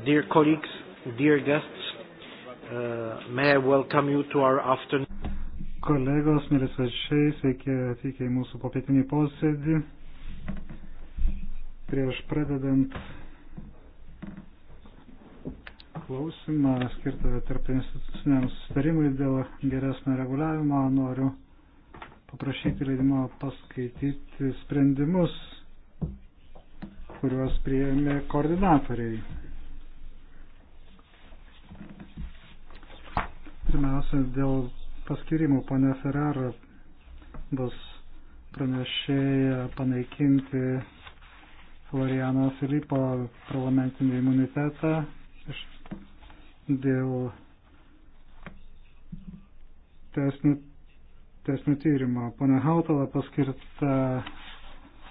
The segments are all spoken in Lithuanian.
Dear colleagues, dear guests, uh, may I welcome you to our afternoon. Kolegos, mėly svečiai, sveiki atvykę į mūsų popietinį posėdį. Prieš pradedant klausimą skirtą tarp instituciniam sustarimui dėl geresnio reguliavimo, noriu paprašyti leidimo paskaityti sprendimus, kuriuos prieėmė koordinatoriai. Pirmiausia, dėl paskirimų pane Ferrara bus pranešėja panaikinti Floriano Filipo parlamentinį imunitetą iš, dėl tesnių, tesnių tyrimo. Pane Hautala paskirta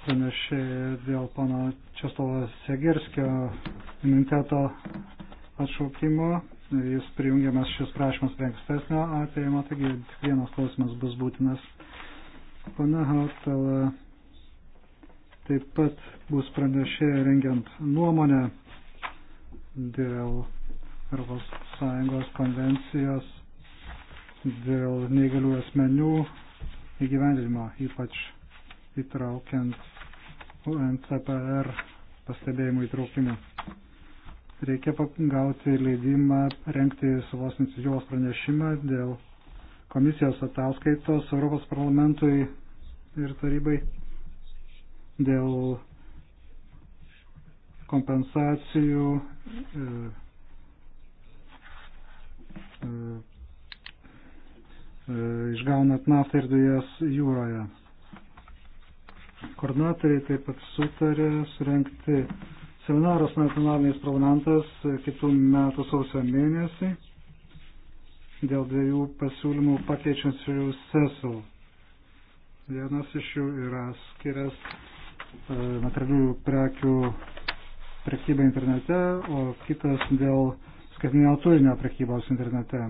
pranešėja dėl pono Česlovo Segerskio imuniteto atšaukimo jis prijungiamas šis prašymas prie ankstesnio atvejo, taigi tik vienas klausimas bus būtinas. Pana Hautala taip pat bus pranešė rengiant nuomonę dėl Europos Sąjungos konvencijos dėl neįgalių asmenių įgyvendinimo, ypač įtraukiant UNCPR pastebėjimų įtraukimą reikia gauti leidimą renkti savos iniciatyvos pranešimą dėl komisijos ataskaitos Europos parlamentui ir tarybai dėl kompensacijų e, e, e, išgaunant naftą ir dujas jūroje. Koordinatoriai taip pat sutarė surenkti Seminaras nacionalinis parlamentas kitų metų sausio mėnesį dėl dviejų pasiūlymų pakeičiančių sesų. Vienas iš jų yra skirias e, materialių prekių prekybą internete, o kitas dėl skaitinio turinio prekybos internete.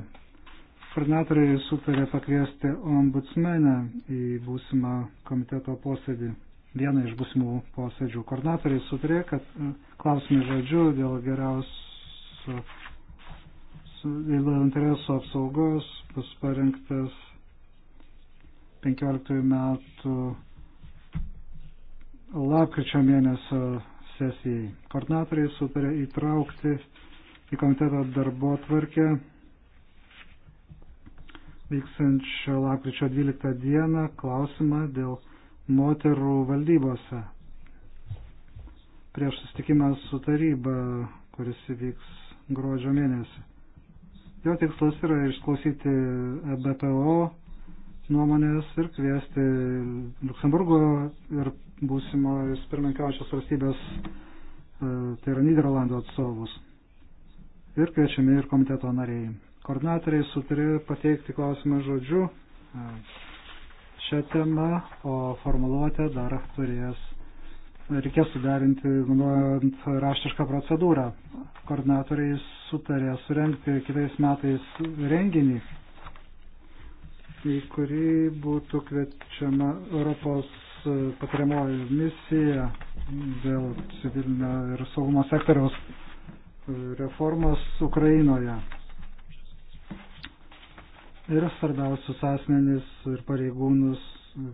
Koordinatoriai sutarė pakviesti ombudsmenę į būsimą komiteto posėdį vieną iš būsimų posėdžių. Koordinatoriai sutarė, kad e, klausimai žodžiu dėl geriausio dėl interesų apsaugos bus parengtas 15 metų lapkričio mėnesio sesijai. Koordinatoriai sutarė įtraukti į komiteto darbo tvarkę vyksančio lapkričio 12 dieną klausimą dėl moterų valdybose. Prieš sustikimą su taryba, kuris įvyks gruodžio mėnesį. Jo tikslas yra išklausyti e BPO nuomonės ir kviesti Luksemburgo ir būsimos pirmininkaujančios valstybės, e, tai yra Niderlandų atstovus. Ir kviečiami ir komiteto nariai. Koordinatoriai sutarė pateikti klausimą žodžiu. Ai. E, šią temą, o formuluotę dar turės, reikės suderinti, naudojant raštišką procedūrą. Koordinatoriai sutarė surenkti kitais metais renginį, į kurį būtų kviečiama Europos patariamoji misija dėl civilinio ir saugumo sektoriaus reformos Ukrainoje ir svarbiausius asmenis ir pareigūnus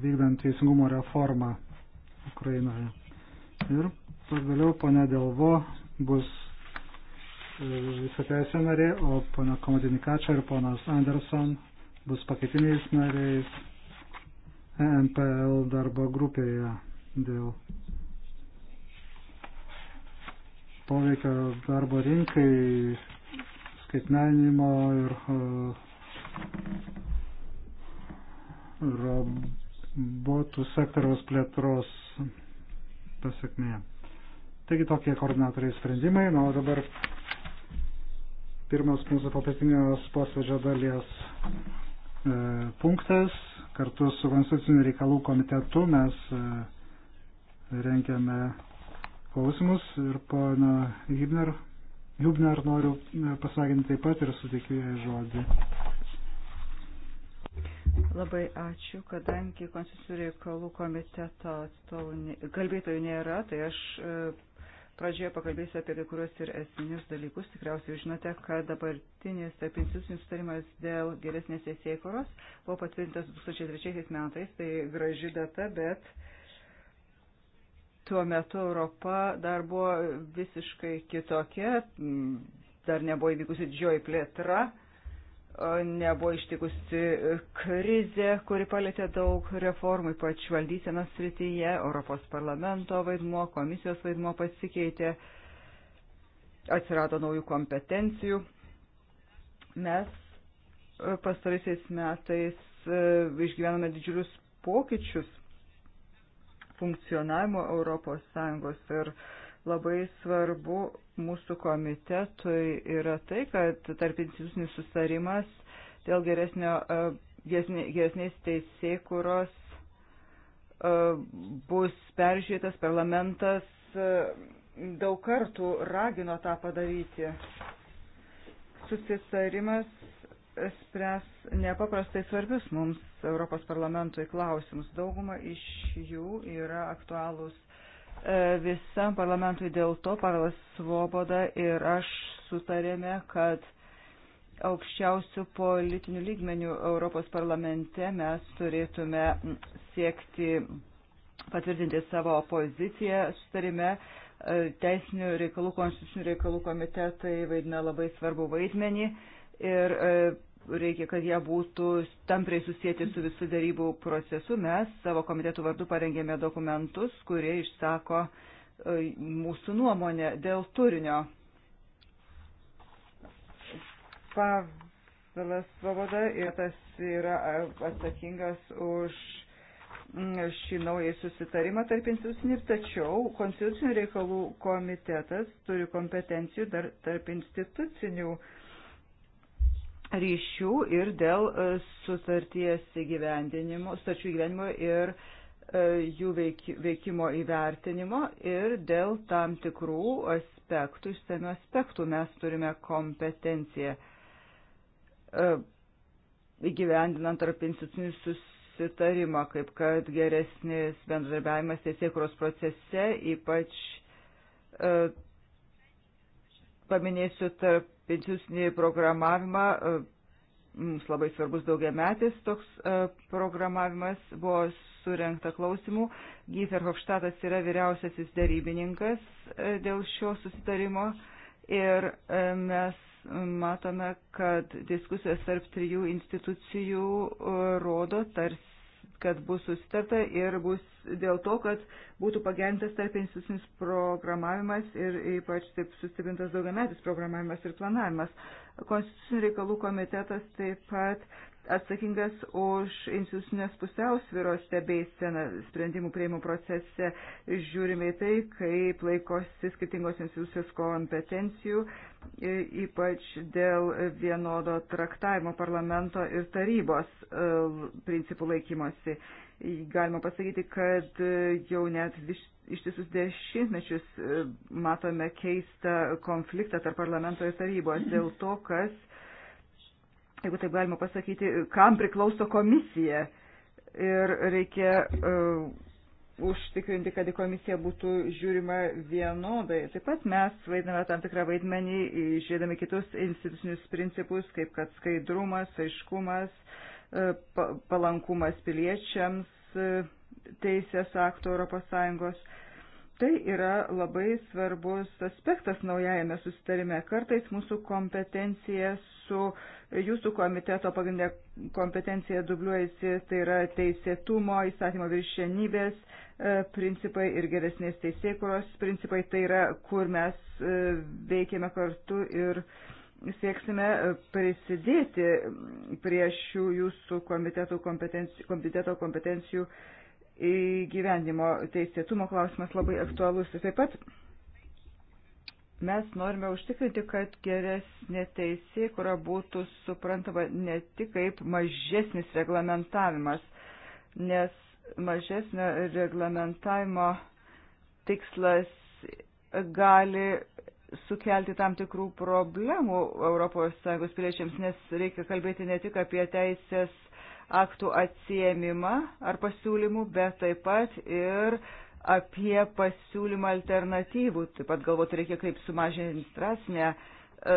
vykdant teisingumo reformą Ukrainoje. Ir pagaliau ponia Delvo bus e, visateisė narė, o ponia Komodinikačia ir ponas Anderson bus pakeitiniais nariais e NPL darbo grupėje dėl poveikio darbo rinkai, skaitmeninimo ir uh, robotų sektoriaus plėtros pasakmė. Taigi tokie koordinatoriai sprendimai. Na, o dabar pirmas mūsų papietinės posėdžio dalies e, punktas. Kartu su Konstitucinių reikalų komitetu mes e, rengiame klausimus ir pana Hibner, Hubner noriu e, pasakinti taip pat ir suteikiu jai žodį. Labai ačiū, kadangi konstitucijų reikalų komiteto atstovų kalbėtojų nėra, tai aš e, pradžioje pakalbėsiu apie kai kuriuos ir esminius dalykus. Tikriausiai žinote, kad dabartinis tarp institucijų sutarimas dėl geresnės teisėkoros buvo patvirtintas 2003 metais, tai graži data, bet tuo metu Europa dar buvo visiškai kitokia, dar nebuvo įvykusi didžioji plėtra nebuvo ištikusi krizė, kuri palėtė daug reformų, ypač valdysenos srityje, Europos parlamento vaidmo, komisijos vaidmo pasikeitė, atsirado naujų kompetencijų. Mes e, pastaraisiais metais e, išgyvename didžiulius pokyčius funkcionavimo Europos Sąjungos ir labai svarbu mūsų komitetui yra tai, kad tarp institucinis susitarimas dėl geresnio, e, geresnės teisėkuros e, bus peržiūrėtas parlamentas e, daug kartų ragino tą padaryti. Susitarimas spręs nepaprastai svarbius mums Europos parlamentui klausimus. Dauguma iš jų yra aktualūs E, visam parlamentui dėl to Pavelas Svoboda ir aš sutarėme, kad aukščiausių politinių lygmenių Europos parlamente mes turėtume siekti patvirtinti savo poziciją sutarime. E, teisinių reikalų, konstitucinių reikalų komitetai vaidina labai svarbu vaidmenį ir e, reikia, kad jie būtų tampriai susijęti su visų darybų procesu. Mes savo komitetų vardu parengėme dokumentus, kurie išsako e, mūsų nuomonę dėl turinio. Pavelas Svoboda ir tas yra e, atsakingas už šį naują susitarimą tarp institucinį, tačiau Konstitucinių reikalų komitetas turi kompetencijų dar tarp institucinių uh, ryšių ir dėl e, sutarties įgyvendinimo, sutarčių įgyvendinimo ir e, jų veikimo įvertinimo ir dėl tam tikrų aspektų, išsamių aspektų mes turime kompetenciją e, įgyvendinant tarp institucinių susitarimą, kaip kad geresnis bendradarbiavimas teisėkuros procese, ypač paminėsiu tarp pensinį programavimą. E, mums labai svarbus daugiametis toks e, programavimas buvo surinkta klausimų. Gyfer Hofštatas yra vyriausiasis darybininkas e, dėl šio susitarimo ir mes matome, kad diskusijos tarp trijų institucijų rodo tarsi kad bus susitarta ir bus dėl to, kad būtų pagerintas tarp institucinis programavimas ir ypač taip sustiprintas daugiametis programavimas ir planavimas. Konstitucinių reikalų komitetas taip pat atsakingas už institucinės pusiausviros stebėseną sprendimų prieimų procese. Žiūrime į tai, kaip laikosi skirtingos institucijos kompetencijų, e, ypač dėl vienodo traktavimo parlamento ir tarybos e, principų laikymosi. Galima pasakyti, kad e, jau net ištisus dešimtmečius matome keistą konfliktą tarp parlamento ir tarybos dėl to, kas jeigu taip galima pasakyti, kam priklauso komisija. Ir reikia uh, užtikrinti, kad į komisiją būtų žiūrima vienodai. Taip pat mes vaidiname tam tikrą vaidmenį, žiūrėdami kitus institucinius principus, kaip kad skaidrumas, aiškumas, e, palankumas piliečiams, e, teisės aktų ES. Tai yra labai svarbus aspektas naujajame susitarime. Kartais mūsų kompetencija su jūsų komiteto pagrindė kompetencija dubliuojasi, tai yra teisėtumo, įstatymo viršienybės e, principai ir geresnės teisėkuros principai, tai yra kur mes e, veikiame kartu ir sieksime e, prisidėti prie šių jūsų komiteto kompetencijų, komiteto kompetencijų įgyvendimo teisėtumo klausimas labai aktualus. Ir taip pat mes norime užtikrinti, kad geresnė teisė, kuria būtų suprantama ne tik kaip mažesnis reglamentavimas, nes mažesnio reglamentavimo tikslas gali sukelti tam tikrų problemų ES piliečiams, nes reikia kalbėti ne tik apie teisės aktų atsiemimą ar pasiūlymų, bet taip pat ir apie pasiūlymą alternatyvų. Taip pat galvoti reikia, kaip sumažinti administracinę e,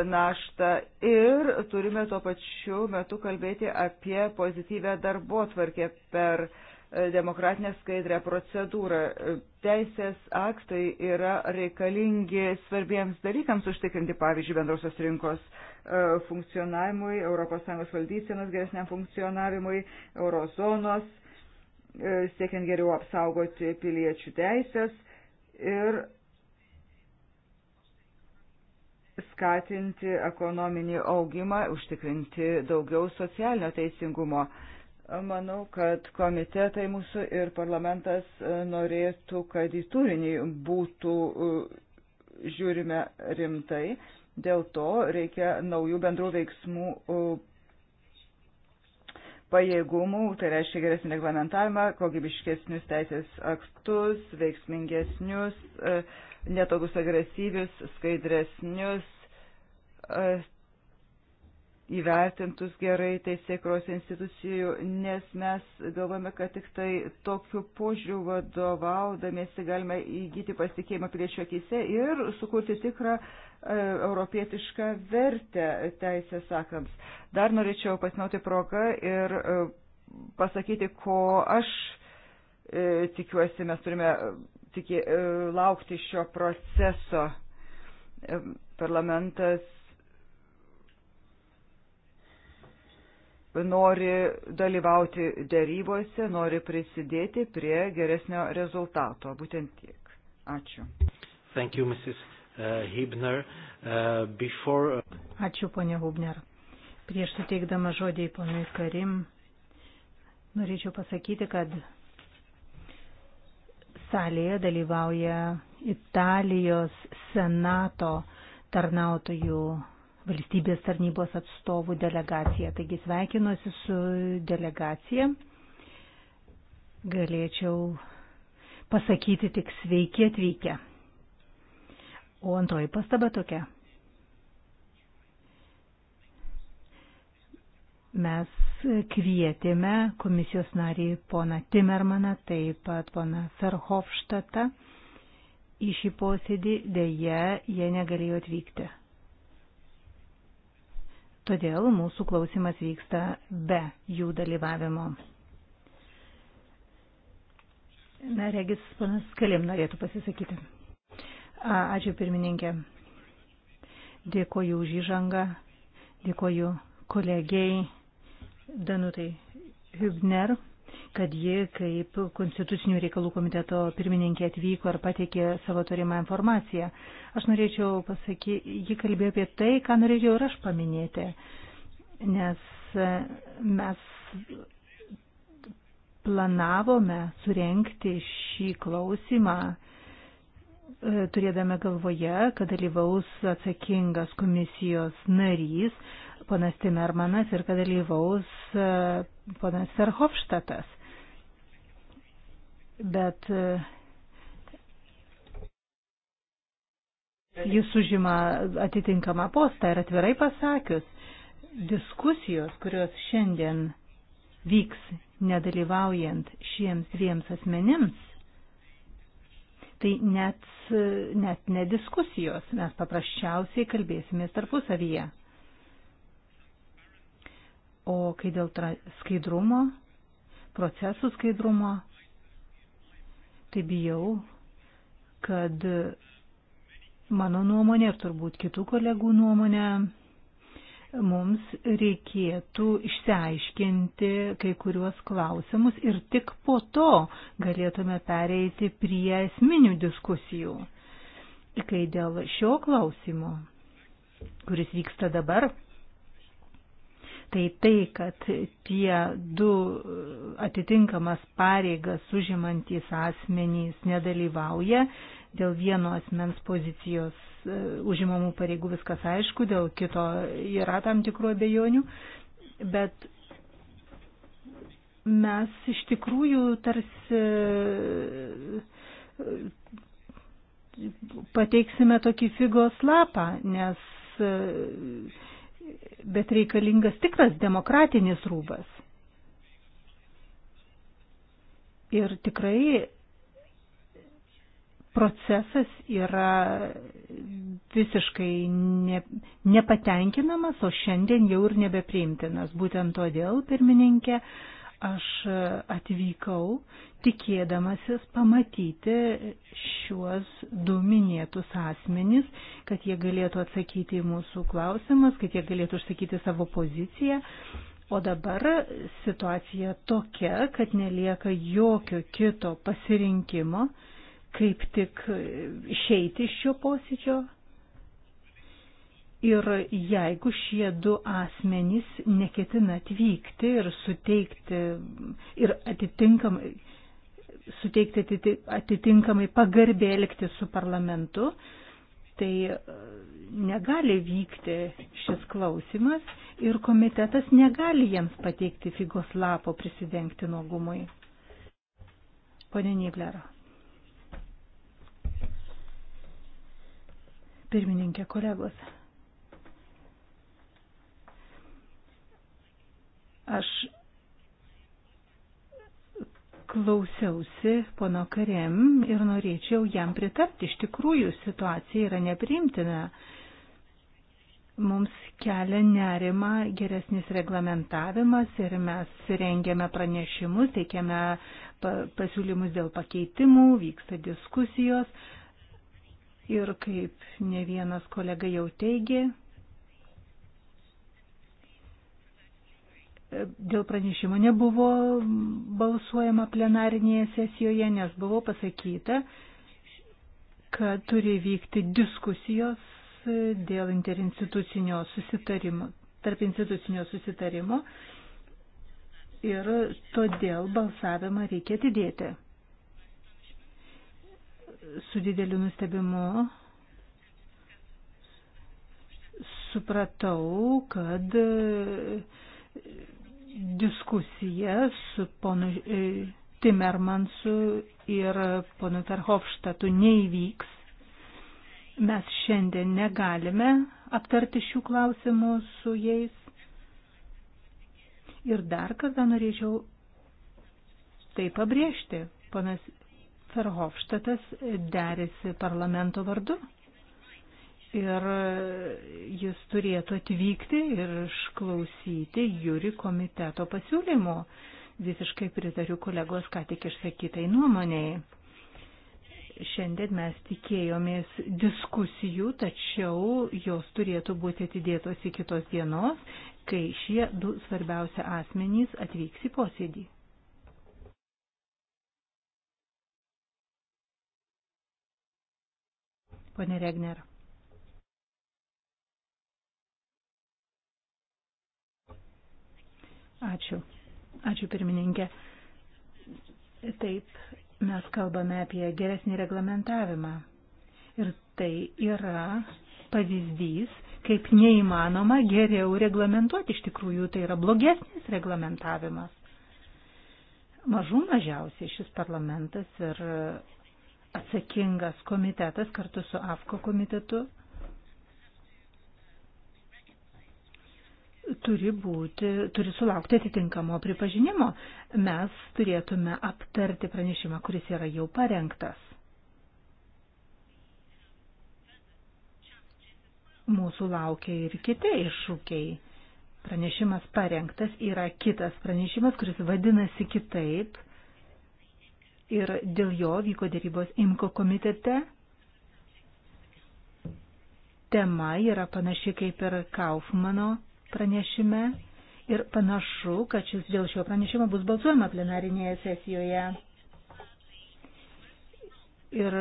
naštą ir turime tuo pačiu metu kalbėti apie pozityvę darbo tvarkę per e, demokratinę skaidrę procedūrą. E, teisės aktai yra reikalingi svarbiems dalykams užtikrinti, pavyzdžiui, bendrosios rinkos E, funkcionavimui, ES valdysenos geresniam funkcionavimui, eurozonos, e, siekiant geriau apsaugoti piliečių teisės ir skatinti ekonominį augimą, užtikrinti daugiau socialinio teisingumo. Manau, kad komitetai mūsų ir parlamentas e, norėtų, kad į turinį būtų žiūrime rimtai Dėl to reikia naujų bendrų veiksmų pajėgumų, tai reiškia geresnį reglamentavimą, kokybiškesnius teisės aktus, veiksmingesnius, e, netogus agresyvius, skaidresnius e, įvertintus gerai teisėkros institucijų, nes mes galvome, kad tik tai tokiu požiūriu vadovaudamėsi galime įgyti pasitikėjimą priešio akise ir sukurti tikrą e, europietišką vertę teisės akams. Dar norėčiau pasinauti progą ir e, pasakyti, ko aš e, tikiuosi, mes turime e, tikė, e, laukti šio proceso. E, parlamentas nori dalyvauti dėrybose, nori prisidėti prie geresnio rezultato. Būtent tiek. Ačiū. Thank you, Mrs. Hibner. Uh, uh, before... Uh, Ačiū, ponė Hubner. Prieš suteikdama žodį ponui Karim, norėčiau pasakyti, kad salėje dalyvauja Italijos senato tarnautojų valstybės tarnybos atstovų delegacija. Taigi sveikinuosi su delegacija. Galėčiau pasakyti tik sveiki atvykę. O antroji pastaba tokia. Mes kvietėme komisijos narį poną Timermaną, taip pat poną Ferhofštatą į šį posėdį, dėje jie negalėjo atvykti. Todėl mūsų klausimas vyksta be jų dalyvavimo. Na, regis, panas Kalim norėtų pasisakyti. A, ačiū pirmininkė. Dėkoju už įžangą. Dėkoju kolegijai Danutai Hübner kad ji kaip Konstitucinių reikalų komiteto pirmininkė atvyko ir pateikė savo turimą informaciją. Aš norėčiau pasakyti, ji kalbėjo apie tai, ką norėčiau ir aš paminėti, nes e, mes planavome surenkti šį klausimą e, turėdami galvoje, kad dalyvaus atsakingas komisijos narys, ponas Timermanas ir kad dalyvaus e, ponas Verhofštatas bet e, jis užima atitinkamą postą ir atvirai pasakius, diskusijos, kurios šiandien vyks nedalyvaujant šiems dviems asmenims, tai net, net ne diskusijos, mes paprasčiausiai kalbėsimės tarpusavyje. O kai dėl skaidrumo, procesų skaidrumo, tai bijau, kad mano nuomonė ir turbūt kitų kolegų nuomonė mums reikėtų išsiaiškinti kai kuriuos klausimus ir tik po to galėtume pereiti prie esminių diskusijų. Kai dėl šio klausimo, kuris vyksta dabar, tai tai, kad tie du atitinkamas pareigas užimantys asmenys nedalyvauja, dėl vieno asmens pozicijos e, užimamų pareigų viskas aišku, dėl kito yra tam tikrų abejonių, bet mes iš tikrųjų tarsi e, pateiksime tokį figos lapą, nes e, bet reikalingas tikras demokratinis rūbas. Ir tikrai procesas yra visiškai ne, nepatenkinamas, o šiandien jau ir nebepriimtinas. Būtent todėl, pirmininkė, uh, Aš atvykau tikėdamasis pamatyti šiuos du minėtus asmenys, kad jie galėtų atsakyti į mūsų klausimas, kad jie galėtų išsakyti savo poziciją. O dabar situacija tokia, kad nelieka jokio kito pasirinkimo, kaip tik išeiti iš šio posėdžio Ir jeigu šie du asmenys neketina atvykti ir suteikti ir atitinkamai suteikti atitinkamai pagarbiai elgti su parlamentu, tai e, negali vykti šis klausimas ir komitetas negali jiems pateikti figos lapo prisidengti nuogumui. Pone Niblero. Pirmininkė kolegos. Aš klausiausi pono Karem ir norėčiau jam pritarti. Iš tikrųjų, situacija yra nepriimtina. Mums kelia nerima geresnis reglamentavimas ir mes rengiame pranešimus, teikiame pasiūlymus dėl pakeitimų, vyksta diskusijos. Ir kaip ne vienas kolega jau teigė, dėl pranešimo nebuvo balsuojama plenarinėje sesijoje, nes buvo pasakyta, kad turi vykti diskusijos dėl interinstitucinio susitarimo, tarp institucinio susitarimo ir todėl balsavimą reikia atidėti. Su dideliu nustebimu supratau, kad diskusiją su ponu e, Timermansu ir ponu Tarhofštatu neįvyks. Mes šiandien negalime aptarti šių klausimų su jais. Ir dar kartą norėčiau tai pabrėžti. Ponas Ferhofštatas derėsi parlamento vardu ir jis turėtų atvykti ir išklausyti jūri komiteto pasiūlymų. Visiškai pritariu kolegos ką tik išsakytai nuomonėjai. Šiandien mes tikėjomės diskusijų, tačiau jos turėtų būti atidėtos į kitos dienos, kai šie du svarbiausia asmenys atvyks į posėdį. Pone Regner. Ačiū. Ačiū pirmininkė. Taip, mes kalbame apie geresnį reglamentavimą. Ir tai yra pavyzdys, kaip neįmanoma geriau reglamentuoti. Iš tikrųjų, tai yra blogesnis reglamentavimas. Mažų mažiausiai šis parlamentas ir atsakingas komitetas kartu su AFKO komitetu turi, būti, turi sulaukti atitinkamo pripažinimo. Mes turėtume aptarti pranešimą, kuris yra jau parengtas. Mūsų laukia ir kiti iššūkiai. Pranešimas parengtas yra kitas pranešimas, kuris vadinasi kitaip. Ir dėl jo vyko dėrybos IMKO komitete tema yra panaši kaip ir Kaufmano pranešime ir panašu, kad šis, dėl šio pranešimo bus balsuojama plenarinėje sesijoje. Ir,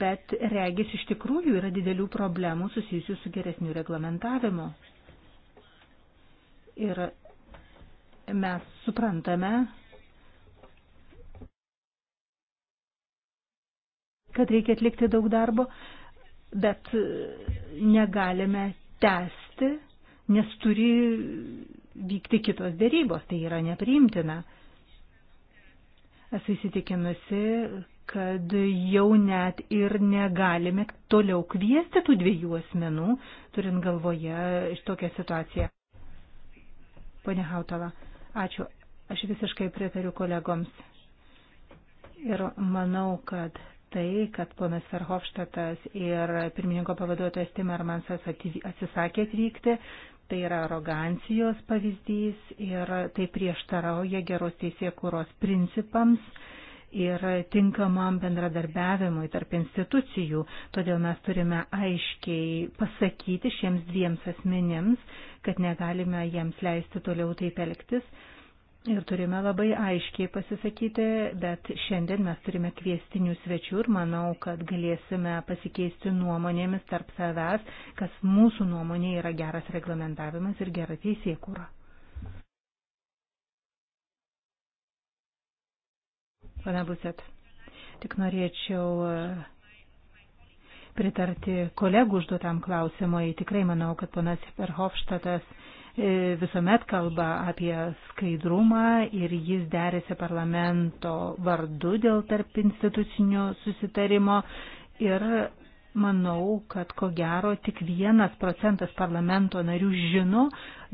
bet regis iš tikrųjų yra didelių problemų susijusių su geresniu reglamentavimu. Ir mes suprantame, kad reikia atlikti daug darbo, bet negalime tęsti nes turi vykti kitos dėrybos, tai yra nepriimtina. Esu įsitikinusi, kad jau net ir negalime toliau kviesti tų dviejų asmenų, turint galvoje tokią situaciją. Pone Hautala, ačiū. Aš visiškai pritariu kolegoms. Ir manau, kad tai, kad ponas Verhofštatas ir pirmininko pavaduotojas Timermansas atsisakė atvykti, tai yra arogancijos pavyzdys ir tai prieštarauja geros teisėkūros principams ir tinkamam bendradarbiavimui tarp institucijų. Todėl mes turime aiškiai pasakyti šiems dviems asmenims, kad negalime jiems leisti toliau taip elgtis, Ir turime labai aiškiai pasisakyti, bet šiandien mes turime kviestinių svečių ir manau, kad galėsime pasikeisti nuomonėmis tarp savęs, kas mūsų nuomonė yra geras reglamentavimas ir gera teisėkūra. Pana Buset, tik norėčiau pritarti kolegų užduotam klausimui. Tikrai manau, kad ponas Verhofštatas E, visuomet kalba apie skaidrumą ir jis derėsi parlamento vardu dėl tarp institucinio susitarimo ir manau, kad ko gero tik vienas procentas parlamento narių žino,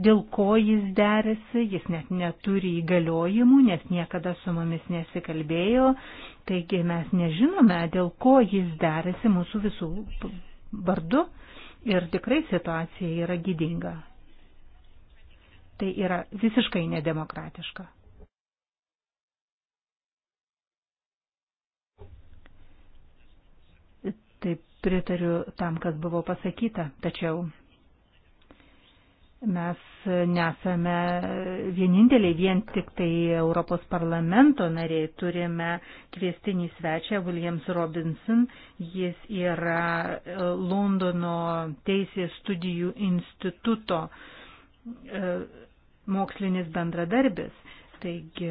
dėl ko jis derėsi, jis net neturi įgaliojimų, nes niekada su mumis nesikalbėjo, taigi mes nežinome, dėl ko jis derėsi mūsų visų vardu ir tikrai situacija yra gydinga. Tai yra visiškai nedemokratiška. Taip pritariu tam, kas buvo pasakyta, tačiau mes nesame vieninteliai vien tik tai Europos parlamento nariai. Turime kviestinį svečią Williams Robinson. Jis yra Londono teisės studijų instituto mokslinis bendradarbis. Taigi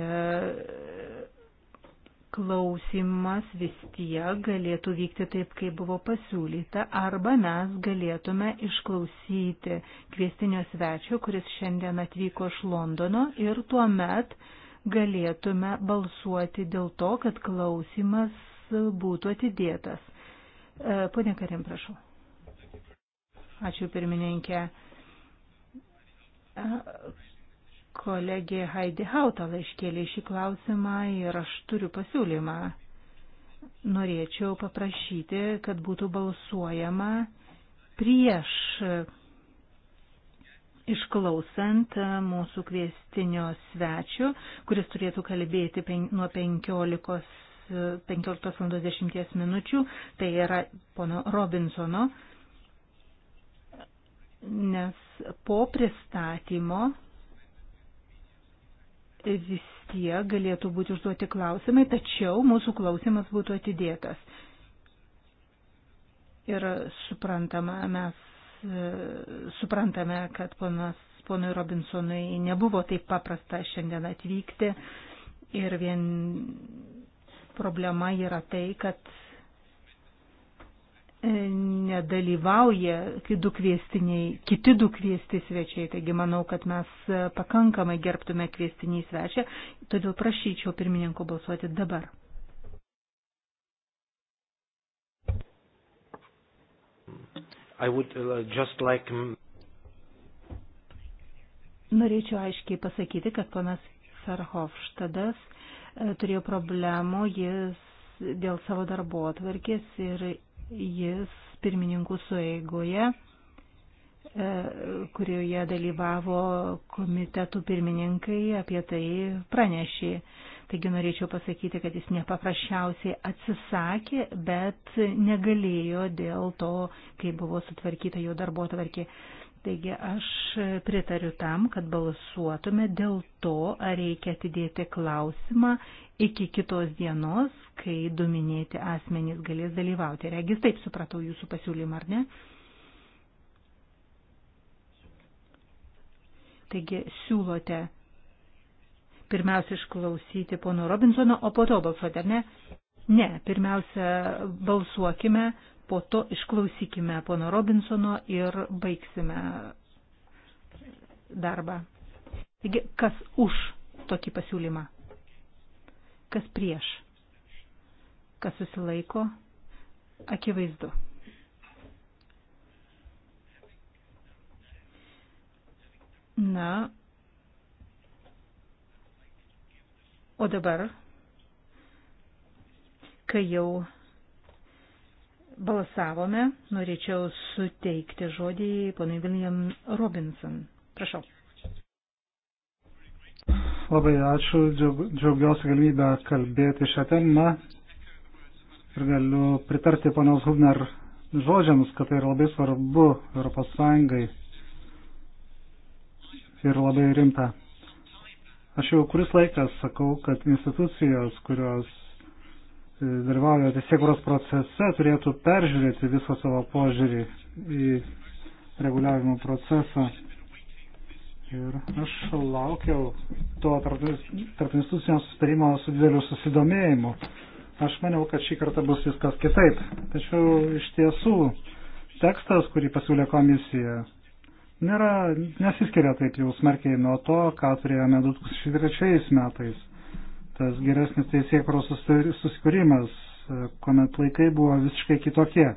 klausimas vis tiek galėtų vykti taip, kaip buvo pasiūlyta, arba mes galėtume išklausyti kviestinio svečio, kuris šiandien atvyko iš Londono ir tuo met galėtume balsuoti dėl to, kad klausimas būtų atidėtas. E, Pone Karim, prašau. Ačiū pirmininkė e, kolegė Heidi Hautala iškėlė šį klausimą ir aš turiu pasiūlymą. Norėčiau paprašyti, kad būtų balsuojama prieš išklausant mūsų kviestinio svečių, kuris turėtų kalbėti pen, nuo 15, 15.10 minučių, tai yra pono Robinsono, nes po pristatymo Tai vis tiek galėtų būti užduoti klausimai, tačiau mūsų klausimas būtų atidėtas. Ir suprantama, mes e, suprantame, kad ponas, ponui Robinsonui nebuvo taip paprasta šiandien atvykti ir vien problema yra tai, kad E, nedalyvauja du kviestiniai, kiti du kviesti svečiai, taigi manau, kad mes e, pakankamai gerbtume kviestinį svečią, todėl prašyčiau pirmininko balsuoti dabar. I would uh, just like... Norėčiau aiškiai pasakyti, kad ponas Ferhofštadas e, turėjo problemų, jis dėl savo darbo atvarkės ir Jis pirmininkų sueigoje, e, kurioje dalyvavo komitetų pirmininkai, apie tai pranešė. Taigi norėčiau pasakyti, kad jis nepaprasčiausiai atsisakė, bet negalėjo dėl to, kai buvo sutvarkyta jo darbo tvarkė. Taigi aš pritariu tam, kad balsuotume dėl to, ar reikia atidėti klausimą iki kitos dienos, kai du minėti asmenys galės dalyvauti. Regis taip supratau jūsų pasiūlymą, ar ne? Taigi siūlote pirmiausia išklausyti pono Robinsono, o po to balsuoti, ar ne? Ne, pirmiausia balsuokime po to išklausykime pono Robinsono ir baigsime darbą. Taigi, kas už tokį pasiūlymą? Kas prieš? Kas susilaiko? Akivaizdu. Na, o dabar, kai jau balsavome. Norėčiau suteikti žodį ponui William Robinson. Prašau. Labai ačiū, džiaugiuosi galimybę kalbėti šią temą ir galiu pritarti ponios Hubner žodžiams, kad tai yra labai svarbu Europos Sąjungai ir labai rimta. Aš jau kuris laikas sakau, kad institucijos, kurios dalyvauja teisėkuros procese, turėtų peržiūrėti visą savo požiūrį į reguliavimo procesą. Ir aš laukiau to tarp, tarp institucinio sustarimo su dideliu susidomėjimu. Aš maniau, kad šį kartą bus viskas kitaip. Tačiau iš tiesų tekstas, kurį pasiūlė komisija, nėra, nesiskiria taip jau smarkiai nuo to, ką turėjome 2003 metais tas geresnis teisėkros susikūrimas, e, kuomet laikai buvo visiškai kitokie.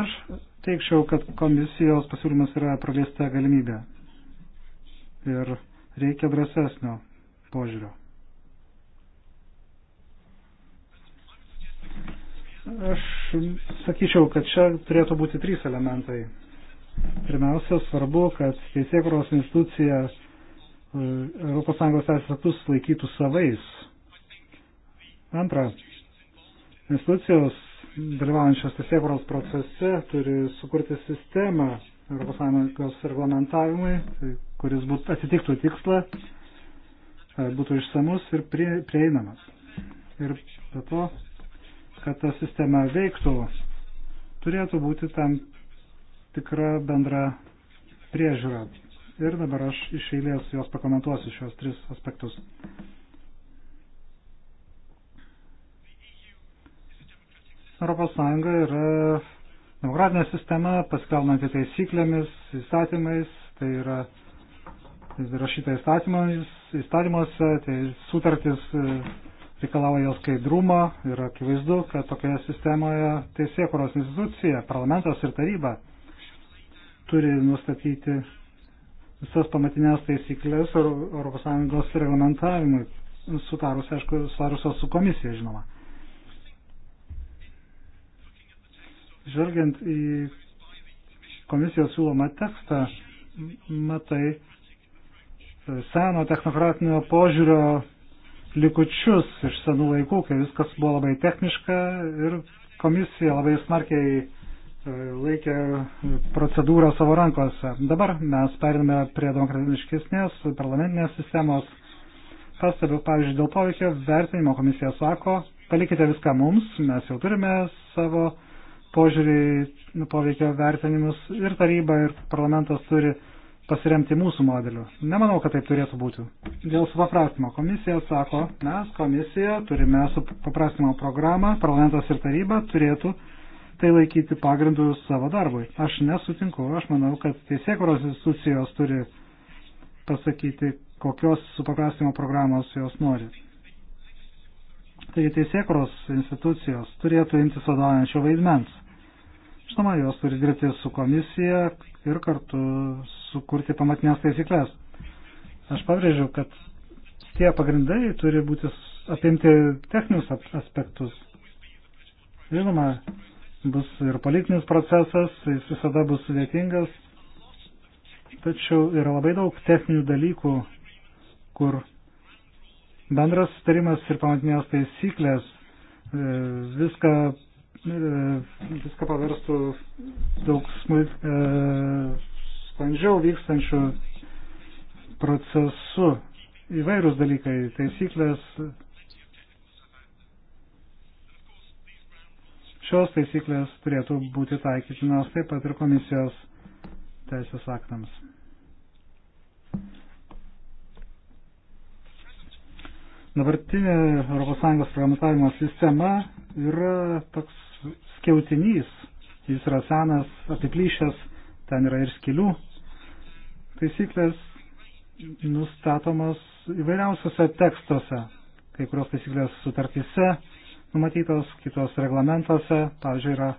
Aš teikčiau, kad komisijos pasiūlymas yra praleista galimybė ir reikia drąsesnio požiūrio. Aš sakyčiau, kad čia turėtų būti trys elementai. Pirmiausia, svarbu, kad teisėkros institucija ES teisės aktus laikytų savais. Antra, institucijos dalyvaujančios teisėkuros procese turi sukurti sistemą ES reglamentavimui, tai kuris būt, atitiktų tikslą, būtų išsamus ir prie, prieinamas. Ir be to, kad ta sistema veiktų, turėtų būti tam tikra bendra priežiūra ir dabar aš iš eilės juos pakomentuosiu šios tris aspektus. Europos Sąjunga yra demokratinė sistema, paskelbanti taisyklėmis, įstatymais, tai yra rašyta įstatymuose, tai sutartis e, reikalauja jos skaidrumo ir akivaizdu, kad tokioje sistemoje teisėkuros institucija, parlamentas ir taryba turi nustatyti visas pamatinės taisyklės ES reglamentavimui, sutarus, aišku, svarusios su komisija, žinoma. Žvelgiant į komisijos siūlomą tekstą, matai seno technokratinio požiūrio likučius iš senų laikų, kai viskas buvo labai techniška ir komisija labai smarkiai laikė procedūrą savo rankose. Dabar mes periname prie demokratiškesnės parlamentinės sistemos. Pastebiu, pavyzdžiui, dėl poveikio vertinimo komisija sako, palikite viską mums, mes jau turime savo požiūrį poveikio vertinimus ir taryba ir parlamentas turi pasiremti mūsų modeliu. Nemanau, kad taip turėtų būti. Dėl supaprastimo komisija sako, mes komisija turime supaprastimo programą, parlamentas ir taryba turėtų tai laikyti pagrindų savo darbui. Aš nesutinku, aš manau, kad teisėkuros institucijos turi pasakyti, kokios supaprastimo programos jos nori. Taigi teisėkuros institucijos turėtų imtis vadovaujančio vaidmens. Žinoma, jos turi dirbti su komisija ir kartu sukurti pamatinės taisyklės. Aš pabrėžiau, kad tie pagrindai turi būti apimti techninius aspektus. Žinoma, bus ir politinis procesas, jis visada bus sudėtingas, tačiau yra labai daug techninių dalykų, kur bendras sutarimas ir pamatinės taisyklės e, viską, e, viską paverstų daug smulk, e, sklandžiau vykstančių procesų įvairūs dalykai, taisyklės Šios taisyklės turėtų būti taikytinos taip pat ir komisijos teisės aktams. Dabartinė ES programavimo sistema yra toks skiautinys. Jis yra senas, apiplyšęs, ten yra ir skilių. Taisyklės nustatomos įvairiausiose tekstuose, kai kurios taisyklės sutartyse, numatytos, kitos reglamentuose, pavyzdžiui, yra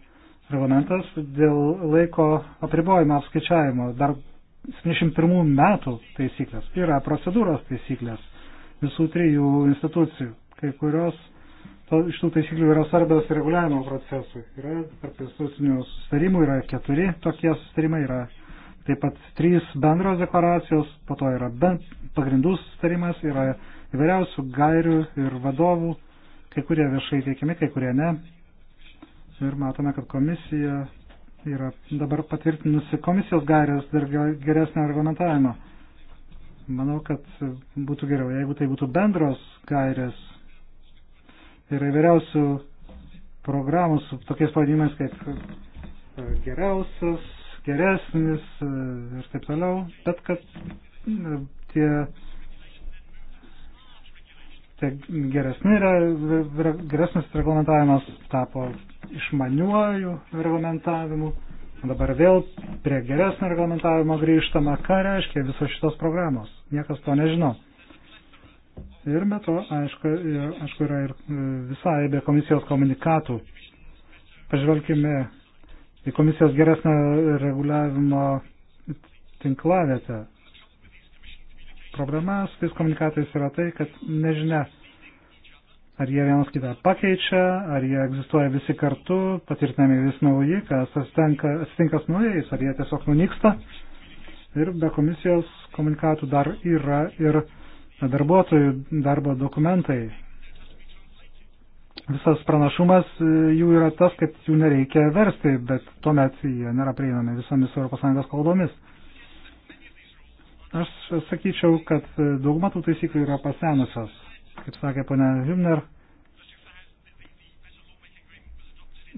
reglamentas dėl laiko apribojimo apskaičiavimo, dar 71 metų taisyklės, tai yra procedūros taisyklės visų trijų institucijų, kai kurios to, iš tų taisyklių yra svarbios reguliavimo procesui. Yra tarp institucinių sustarimų, yra keturi tokie sustarimai, yra taip pat trys bendros deklaracijos, po to yra bent pagrindų sustarimas, yra įvairiausių gairių ir vadovų Kai kurie viešai teikiami, kai kurie ne. Ir matome, kad komisija yra dabar patvirtinusi komisijos gairės dar geresnio reglamentavimo. Manau, kad būtų geriau, jeigu tai būtų bendros gairės. Yra įvairiausių programų su tokiais pavadinimais kaip e, geriausias, geresnis e, ir taip toliau, bet kad tie tai geresni, geresnis reglamentavimas tapo išmaniuoju reglamentavimu, dabar vėl prie geresnio reglamentavimo grįžtama. Ką reiškia visos šitos programos? Niekas to nežino. Ir be to, aišku, aišku, yra ir e, visai be komisijos komunikatų. Pažvelkime į komisijos geresnio reguliavimo tinklavietę. Problema su tais komunikatais yra tai, kad nežinia, ar jie vienas kitą pakeičia, ar jie egzistuoja visi kartu, patvirtinami vis nauji, kas atsitinka su naujais, ar jie tiesiog nunyksta. Ir be komisijos komunikatų dar yra ir darbuotojų darbo dokumentai. Visas pranašumas e, jų yra tas, kad jų nereikia versti, bet tuomet jie nėra prieinami visomis ES kalbomis. Aš sakyčiau, kad dauguma tų taisyklių yra pasenusios. Kaip sakė ponia Himner,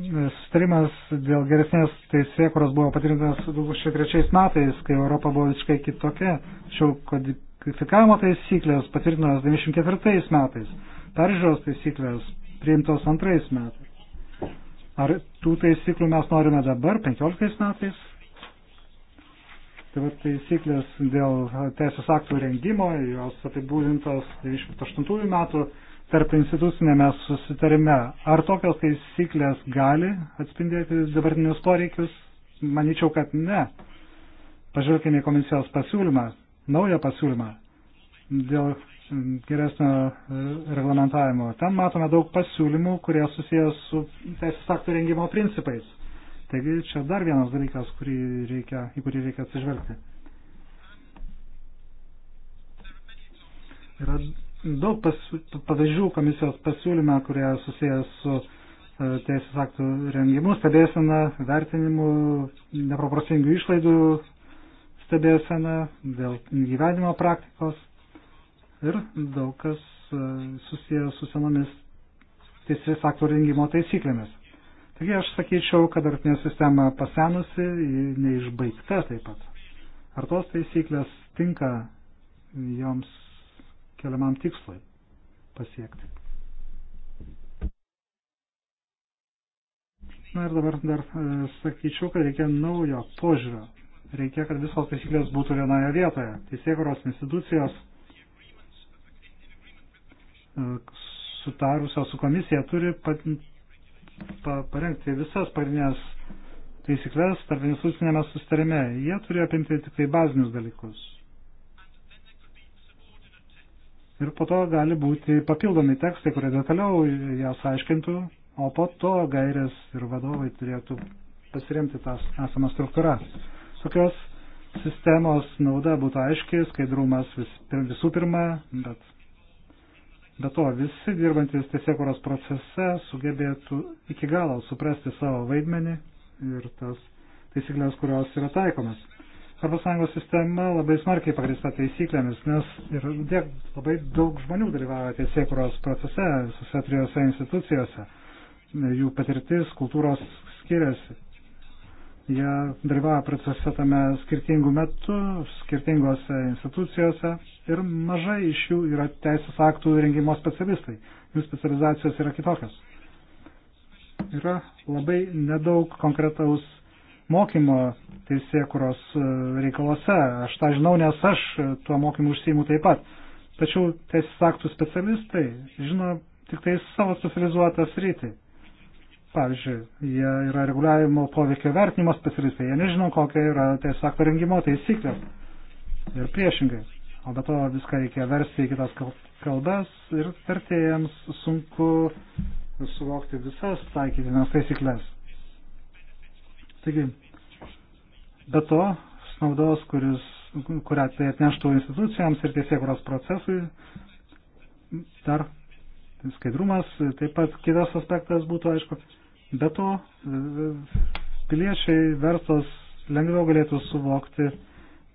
sustarimas dėl geresnės teisėkuros buvo patvirtintas 2003 metais, kai Europa buvo visiškai kitokia, tačiau kodifikavimo taisyklės patvirtintos 1994 metais, peržiūros taisyklės priimtos antrais metais. Ar tų taisyklių mes norime dabar, 15 metais? Taip pat taisyklės dėl teisės aktų rengimo, jos apibūdintos 98 metų tarp institucinėme susitarime. Ar tokios taisyklės gali atspindėti dabartinius poreikius? Maničiau, kad ne. Pažvelkime į komisijos pasiūlymą, naują pasiūlymą dėl geresnio e, reglamentavimo. Ten matome daug pasiūlymų, kurie susijęs su teisės aktų rengimo principais. Taigi čia dar vienas dalykas, kurį reikia, į kurį reikia atsižvelgti. Yra daug pavyzdžių komisijos pasiūlyme, kurie susijęs su e, teisės aktų rengimu, stebėsena, vertinimu, neproporcingų išlaidų stebėsena, dėl gyvenimo praktikos ir daug kas e, susijęs su senomis teisės aktų rengimo taisyklėmis. Taigi aš sakyčiau, kad dabartinė sistema pasenusi, neišbaigta taip pat. Ar tos taisyklės tinka joms keliamam tikslui pasiekti? Na ir dabar dar e, sakyčiau, kad reikia naujo požiūrio. Reikia, kad visos taisyklės būtų vienoje vietoje. Teisėkuros institucijos e, sutarusios su komisija turi pa, parengti visas pagrindinės taisyklės tarp institucinėme sustarime. Jie turėjo apimti tik tai bazinius dalykus. Ir po to gali būti papildomi tekstai, kurie detaliau jas aiškintų, o po to gairės ir vadovai turėtų pasiremti tas esamas struktūras. Tokios sistemos nauda būtų aiški, skaidrumas vis, visų pirma, bet Be to, visi dirbantis teisėkuros procese sugebėtų iki galo suprasti savo vaidmenį ir tas taisyklės, kurios yra taikomas. Europos Sąjungos sistema labai smarkiai pagrįsta taisyklėmis, nes ir tiek labai daug žmonių dalyvauja teisėkuros procese visose trijose institucijose. Jų patirtis, kultūros skiriasi. Jie dalyvauja procese tame skirtingų metų, skirtingose institucijose ir mažai iš jų yra teisės aktų rengimo specialistai. Jų specializacijos yra kitokios. Yra labai nedaug konkretaus mokymo teisėkuros e, reikalose. Aš tą žinau, nes aš tuo mokymu užsijimu taip pat. Tačiau teisės aktų specialistai žino tik tai savo specializuotą sritį. Pavyzdžiui, jie yra reguliavimo poveikio vertinimo specialistai, jie nežino, kokia yra teisės akto rengimo taisyklė. Ir priešingai. O be to viską reikia versti į kitas kalbas ir vertėjams sunku suvokti visas taikytinas taisyklės. Taigi, be to, naudos, kuris, kurią tai atneštų institucijams ir teisėkuros procesui, dar skaidrumas, taip pat kitas aspektas būtų, aišku, Be to, piliečiai verslas lengviau galėtų suvokti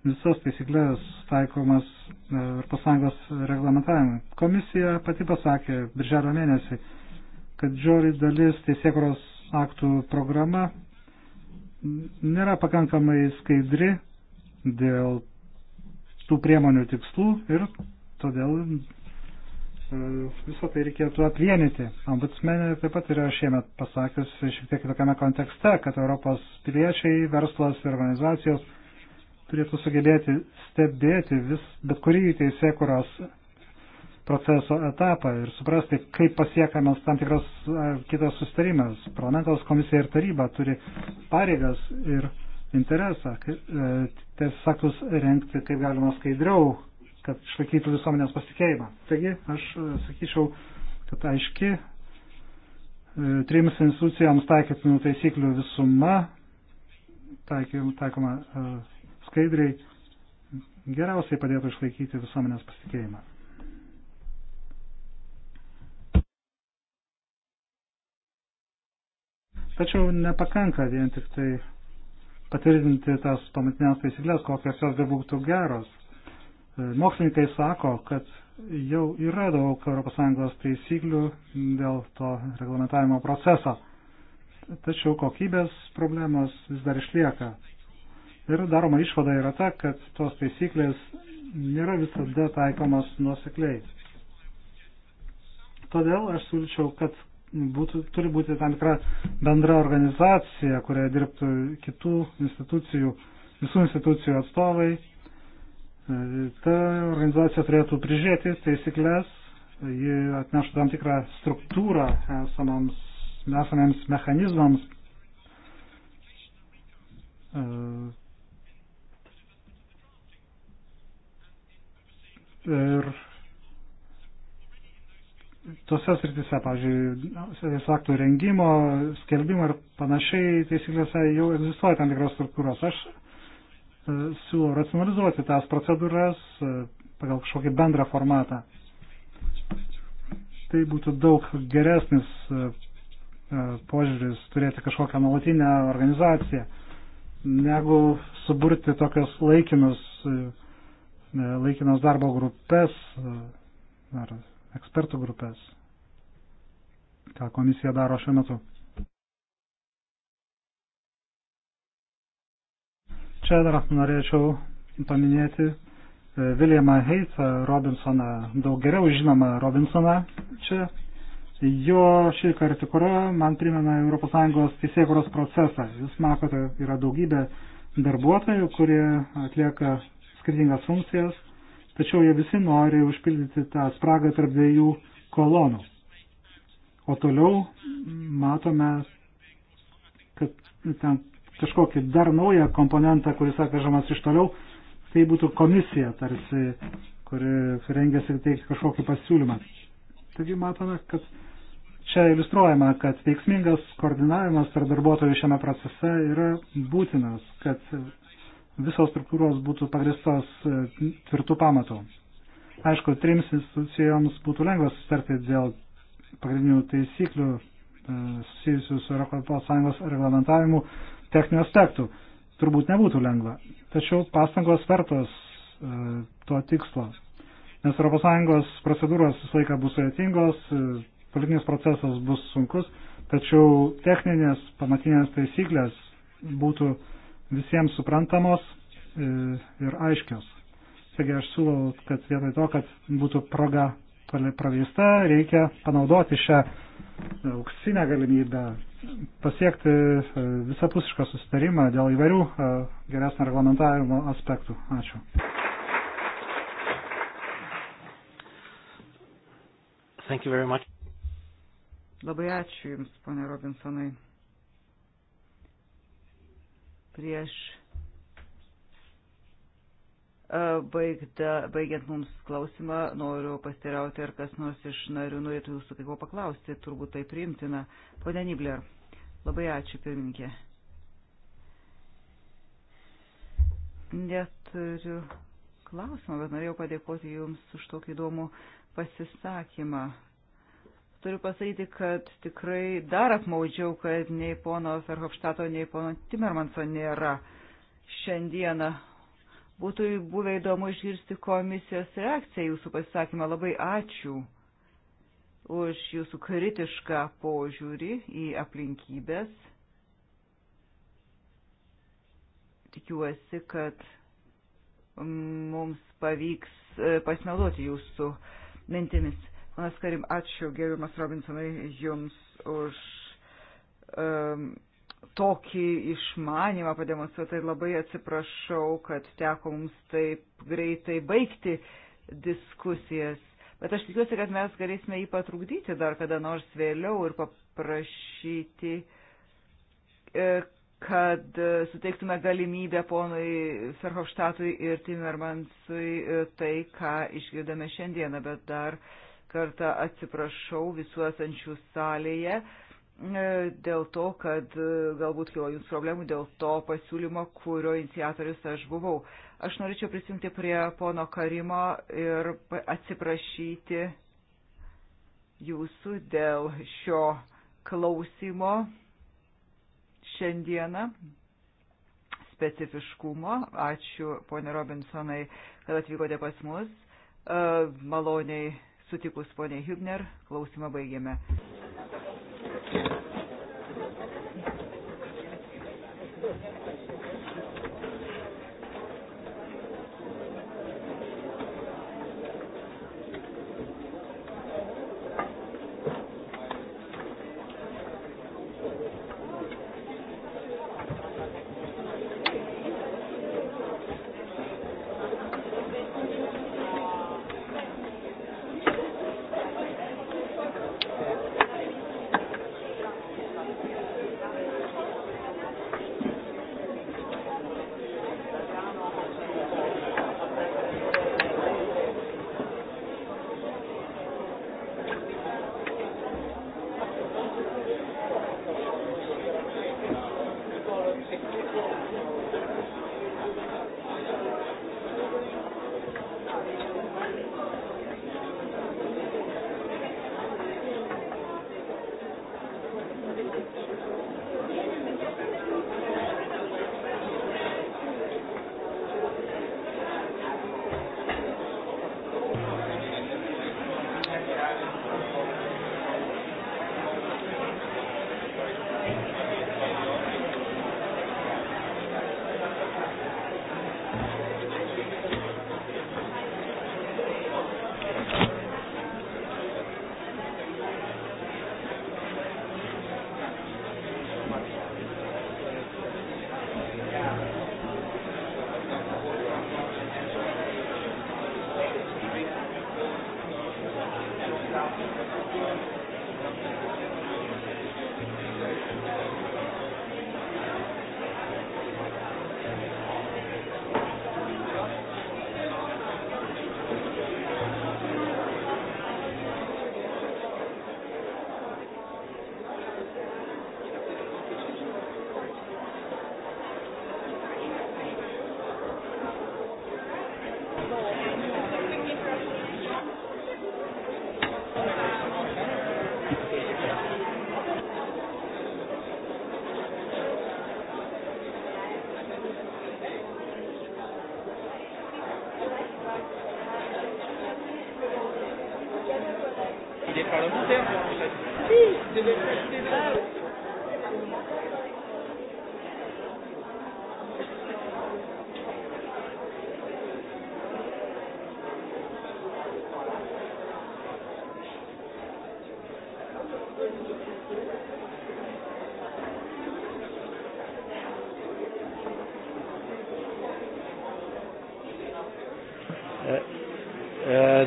visas taisyklės taikomas e, Europos Sąjungos reglamentavimui. Komisija pati pasakė birželio mėnesį, kad džiori dalis teisėkuros aktų programa nėra pakankamai skaidri dėl tų priemonių tikslų ir todėl visą tai reikėtų atvienyti. Ombudsmenė taip pat yra šiemet pasakius šiek tiek tokiame kontekste, kad Europos piliečiai, verslas ir organizacijos turėtų sugebėti stebėti vis, bet kurį teisėkuros proceso etapą ir suprasti, kaip pasiekamas tam tikras kitas sustarimas. Parlamentas, komisija ir taryba turi pareigas ir interesą, e, tiesiog aktus renkti kaip galima skaidriau, kad išlaikytų visuomenės pasitikėjimą. Taigi aš e, sakyčiau, kad aiški e, trims institucijoms taikytinų taisyklių visuma taikoma e, skaidriai geriausiai padėtų išlaikyti visuomenės pasitikėjimą. Tačiau nepakanka vien tik tai patvirtinti tas pamatinės taisyklės, kokios jos bebūtų geros. E, mokslininkai sako, kad jau yra daug ES taisyklių dėl to reglamentavimo proceso, tačiau kokybės problemos vis dar išlieka. Ir daroma išvada yra ta, kad tos taisyklės nėra visada taikomas nuosekliai. Todėl aš siūlyčiau, kad būtų, turi būti tam tikra bendra organizacija, kurioje dirbtų kitų institucijų, visų institucijų atstovai Ta organizacija turėtų prižiūrėti taisyklės, ji atneštų tam tikrą struktūrą esamams, esamiems mechanizmams e, ir tose sritise, pavyzdžiui, aktų rengimo, skelbimo ir panašiai taisyklėse jau egzistuoja tam tikros struktūros. Aš E, siūlau racionalizuoti tas procedūras e, pagal kažkokį bendrą formatą. Tai būtų daug geresnis e, požiūris turėti kažkokią nuolatinę organizaciją, negu suburti tokias laikinus, laikinas darbo grupės ar ekspertų grupės, ką komisija daro šiuo metu. Čia dar norėčiau paminėti Viljamą e, Heitą Robinsoną, daug geriau žinomą Robinsoną čia. Jo ši karikatūra man primena ES teisėkuros procesą. Jūs matote, yra daugybė darbuotojų, kurie atlieka skirtingas funkcijas, tačiau jie visi nori užpildyti tą spragą tarp dviejų kolonų. O toliau matome, kad ten kažkokį dar naują komponentą, kuris atvežamas iš toliau, tai būtų komisija tarsi, kuri rengiasi teikti kažkokį pasiūlymą. Taigi matome, kad čia iliustruojama, kad veiksmingas koordinavimas tarp darbuotojų šiame procese yra būtinas, kad visos struktūros būtų pagristos tvirtų pamatų. Aišku, trims institucijoms būtų lengva sustarti dėl pagrindinių taisyklių e, susijusių su ES reglamentavimu techninių aspektų. Turbūt nebūtų lengva. Tačiau pastangos vertos e, to tikslo. Nes ES procedūros visą laiką bus sudėtingos, e, politinis procesas bus sunkus, tačiau techninės pamatinės taisyklės būtų visiems suprantamos e, ir aiškios. Taigi aš siūlau, kad vietoj to, kad būtų proga praleista, reikia panaudoti šią auksinę galimybę pasiekti e, visapusišką susitarimą dėl įvairių e, geresnio reglamentavimo aspektų. Ačiū. Thank you very much. Labai ačiū Jums, ponė Robinsonai. Prieš Baigda, baigiant mums klausimą, noriu pastirauti, ar kas nors iš narių norėtų jūsų kai ko paklausti, turbūt tai priimtina. Pone Nibler, labai ačiū pirmininkė. Neturiu klausimą, bet norėjau padėkoti Jums už tokį įdomų pasisakymą. Turiu pasakyti, kad tikrai dar apmaudžiau, kad nei pono Ferhofštato, nei pono Timermanso nėra šiandieną Būtų buvę įdomu išgirsti komisijos reakciją jūsų pasisakymą. Labai ačiū už jūsų kritišką požiūrį į aplinkybės. Tikiuosi, kad mums pavyks e, pasinaudoti jūsų mintimis. Manas Karim, ačiū, gerbiamas Robinsonai, jums už um, tokį išmanimą pademonstruoti. Tai labai atsiprašau, kad teko mums taip greitai baigti diskusijas. Bet aš tikiuosi, kad mes galėsime jį patrukdyti dar kada nors vėliau ir paprašyti, e, kad suteiktume galimybę ponui Ferhofštatui ir Timermansui e, tai, ką išgirdome šiandieną. Bet dar kartą atsiprašau visų esančių salėje. E, dėl to, kad e, galbūt kilo jums problemų dėl to pasiūlymo, kurio iniciatorius aš buvau. Aš norėčiau prisijungti prie pono Karimo ir atsiprašyti jūsų dėl šio klausimo šiandieną specifiškumo. Ačiū, ponė Robinsonai, kad atvykote pas mus. E, maloniai sutikus ponė Hübner, klausimą baigėme. Thank you.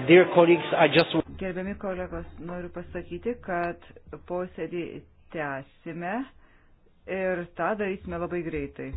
Just... Gerbiami kolegos, noriu pasakyti, kad posėdį tęsime ir tą darysime labai greitai.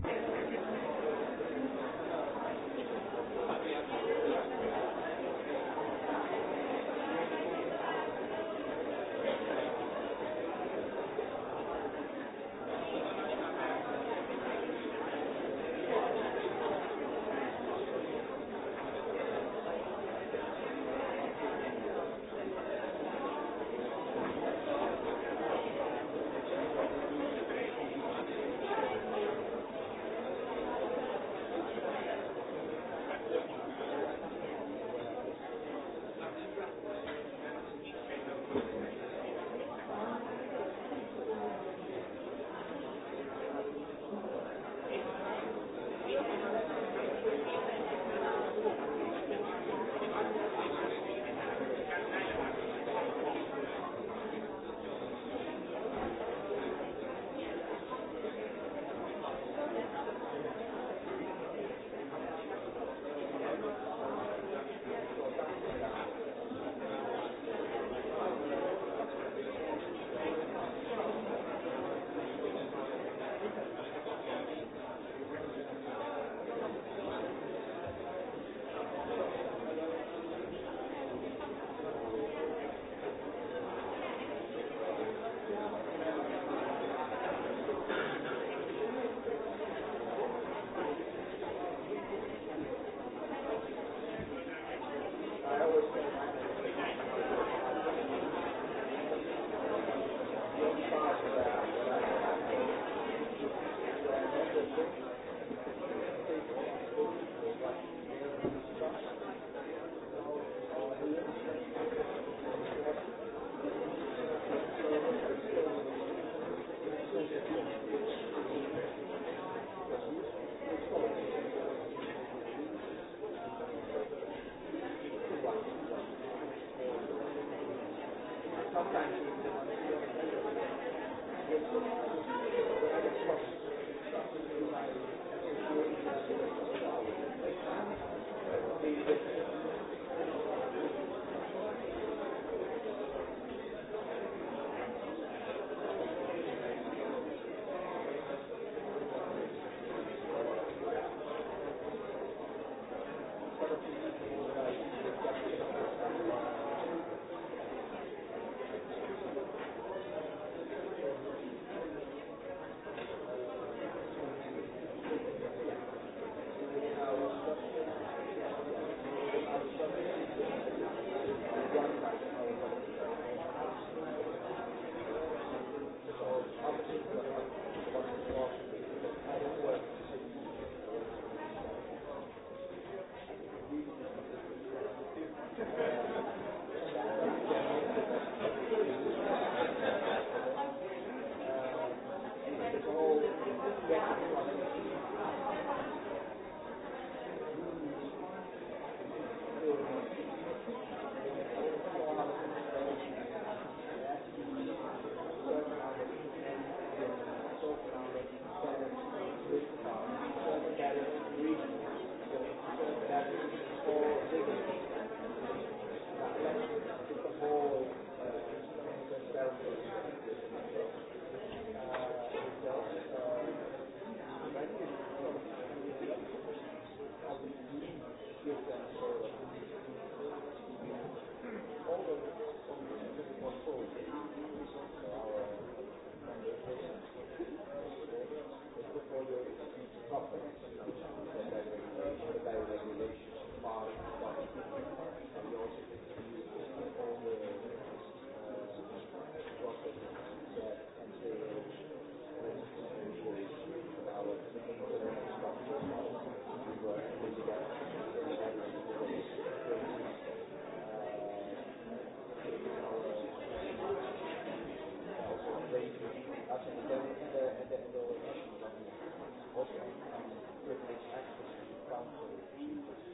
Bosnia and privileged access to the council confidentiality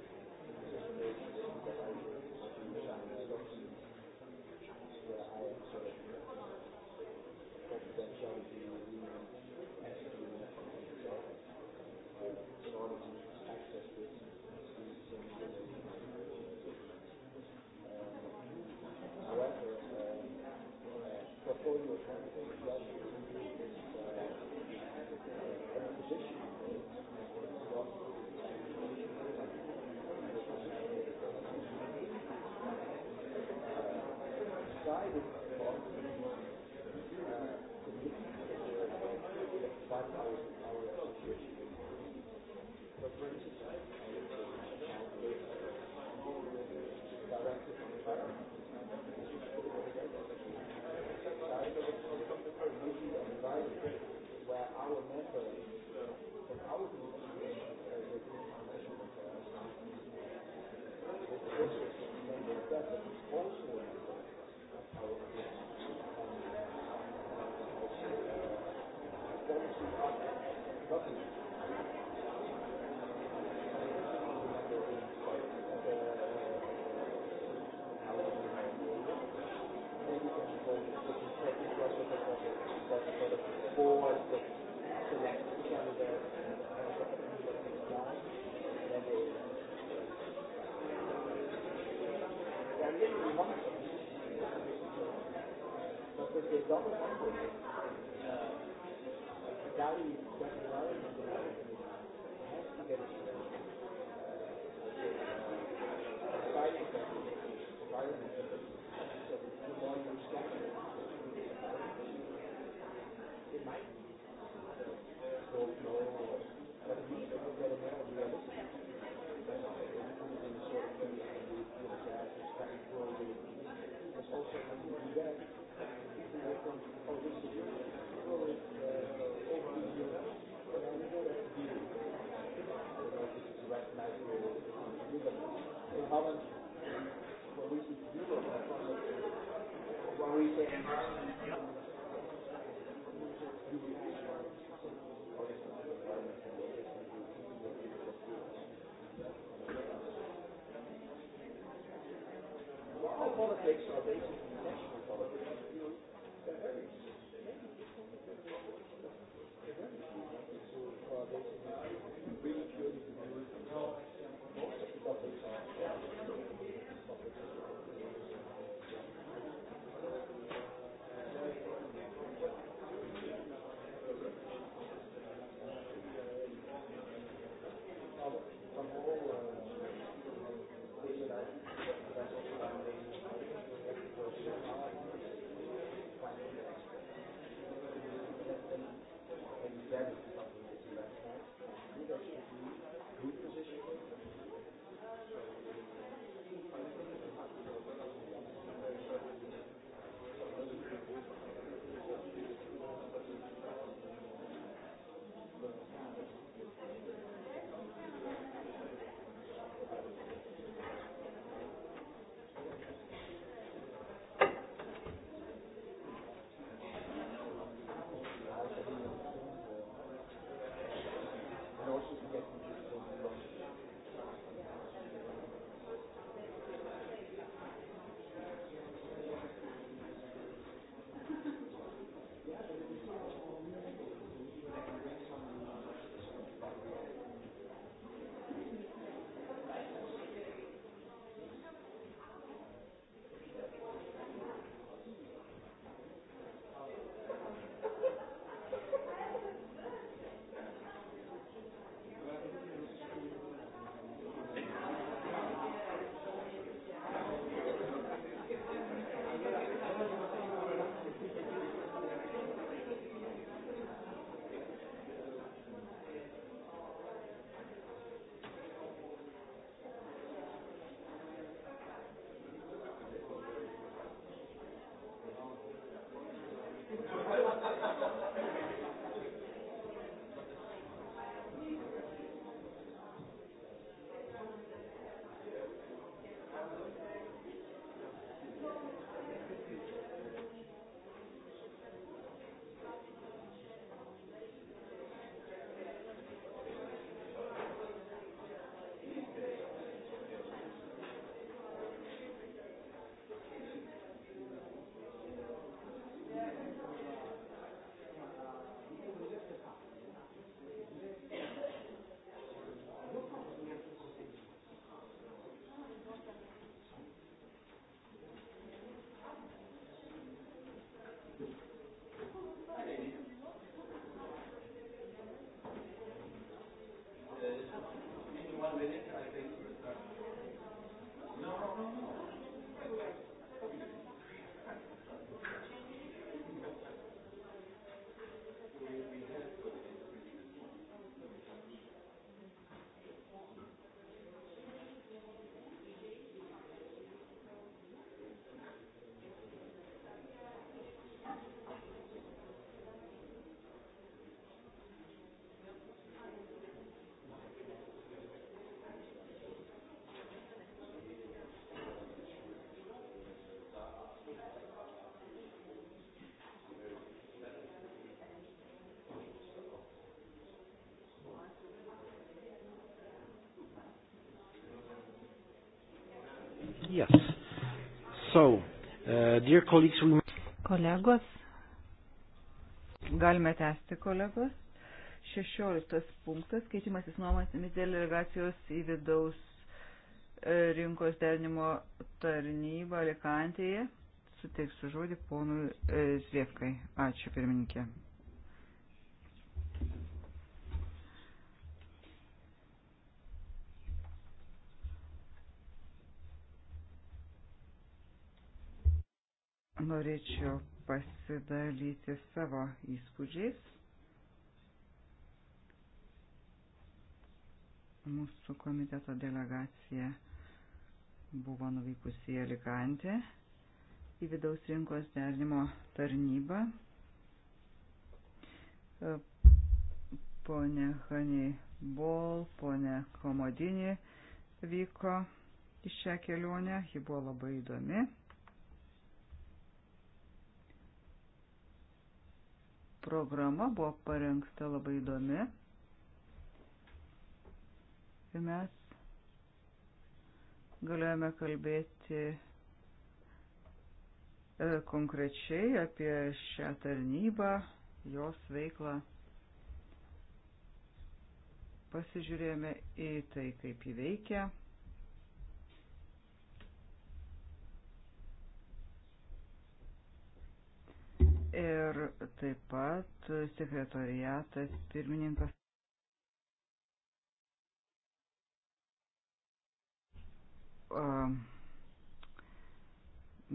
politics are based on national politics. They're very Thank you. Yes. So, uh, dear colleagues, we... Kolegos. Galime tęsti, kolegos. 16 punktas, keitimasis nuomonėmis dėl delegacijos į vidaus e, rinkos derinimo tarnybą Alikantėje. Suteiksiu žodį ponui e, Zviefkai. Ačiū pirmininkė. Norėčiau pasidalyti savo įspūdžiais. Mūsų komiteto delegacija buvo nuvykusi į Alikantę, į vidaus rinkos derinimo tarnybą. Pone Haniai Bol, pone Komodinį vyko į šią kelionę, ji buvo labai įdomi. programa buvo parengta labai įdomi. Ir mes galėjome kalbėti e, konkrečiai apie šią tarnybą, jos veiklą. Pasižiūrėjome į tai, kaip įveikia. veikia ir taip pat sekretoriatas pirmininkas.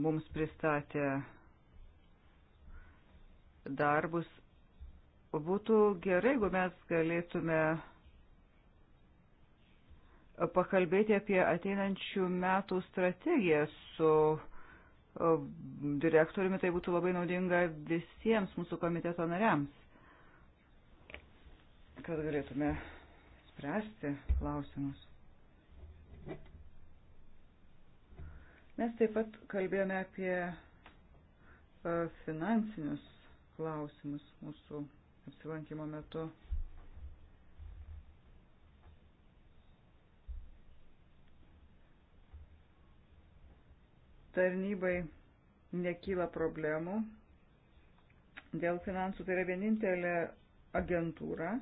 Mums pristatė darbus. Būtų gerai, jeigu mes galėtume pakalbėti apie ateinančių metų strategiją su direktoriumi, tai būtų labai naudinga visiems mūsų komiteto nariams, kad galėtume spręsti klausimus. Mes taip pat kalbėjome apie e, finansinius klausimus mūsų apsilankimo metu. tarnybai nekyla problemų dėl finansų. Tai yra vienintelė agentūra.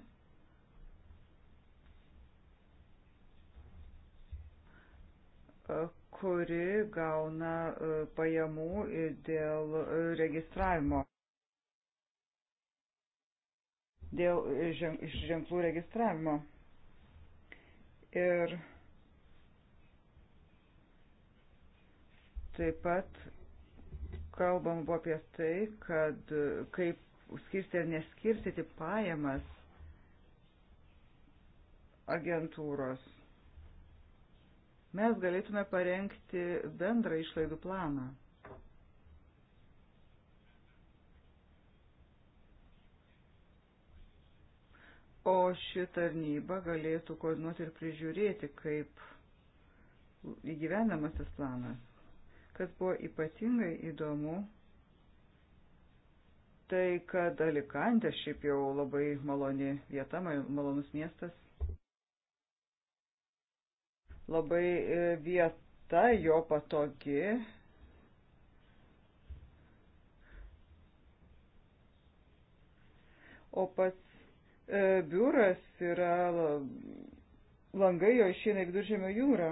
kuri gauna e, pajamų dėl registravimo, dėl e, ženklų registravimo. Ir Taip pat kalbam buvo apie tai, kad kaip skirti ar neskirstyti pajamas agentūros. Mes galėtume parengti bendrą išlaidų planą. O ši tarnyba galėtų koordinuoti ir prižiūrėti, kaip įgyvenamas tas planas. Kas buvo ypatingai įdomu, tai kad Alikantė šiaip jau labai maloni vieta, malonus miestas. Labai e, vieta jo patogi, o pats e, biuras yra langai jo išeina į viduržėmio jūrą.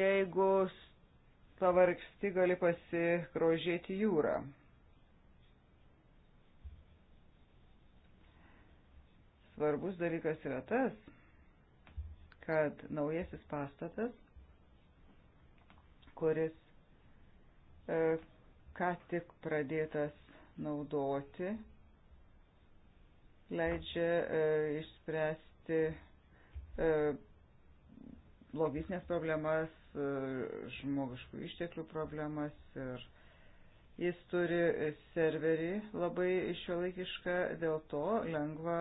Jeigu pavargsti, gali pasikrožėti jūrą. Svarbus dalykas yra tas, kad naujasis pastatas, kuris e, ką tik pradėtas naudoti, leidžia e, išspręsti e, logistinės problemas E, žmogiškų išteklių problemas ir jis turi serverį labai šiuolaikišką, dėl to lengva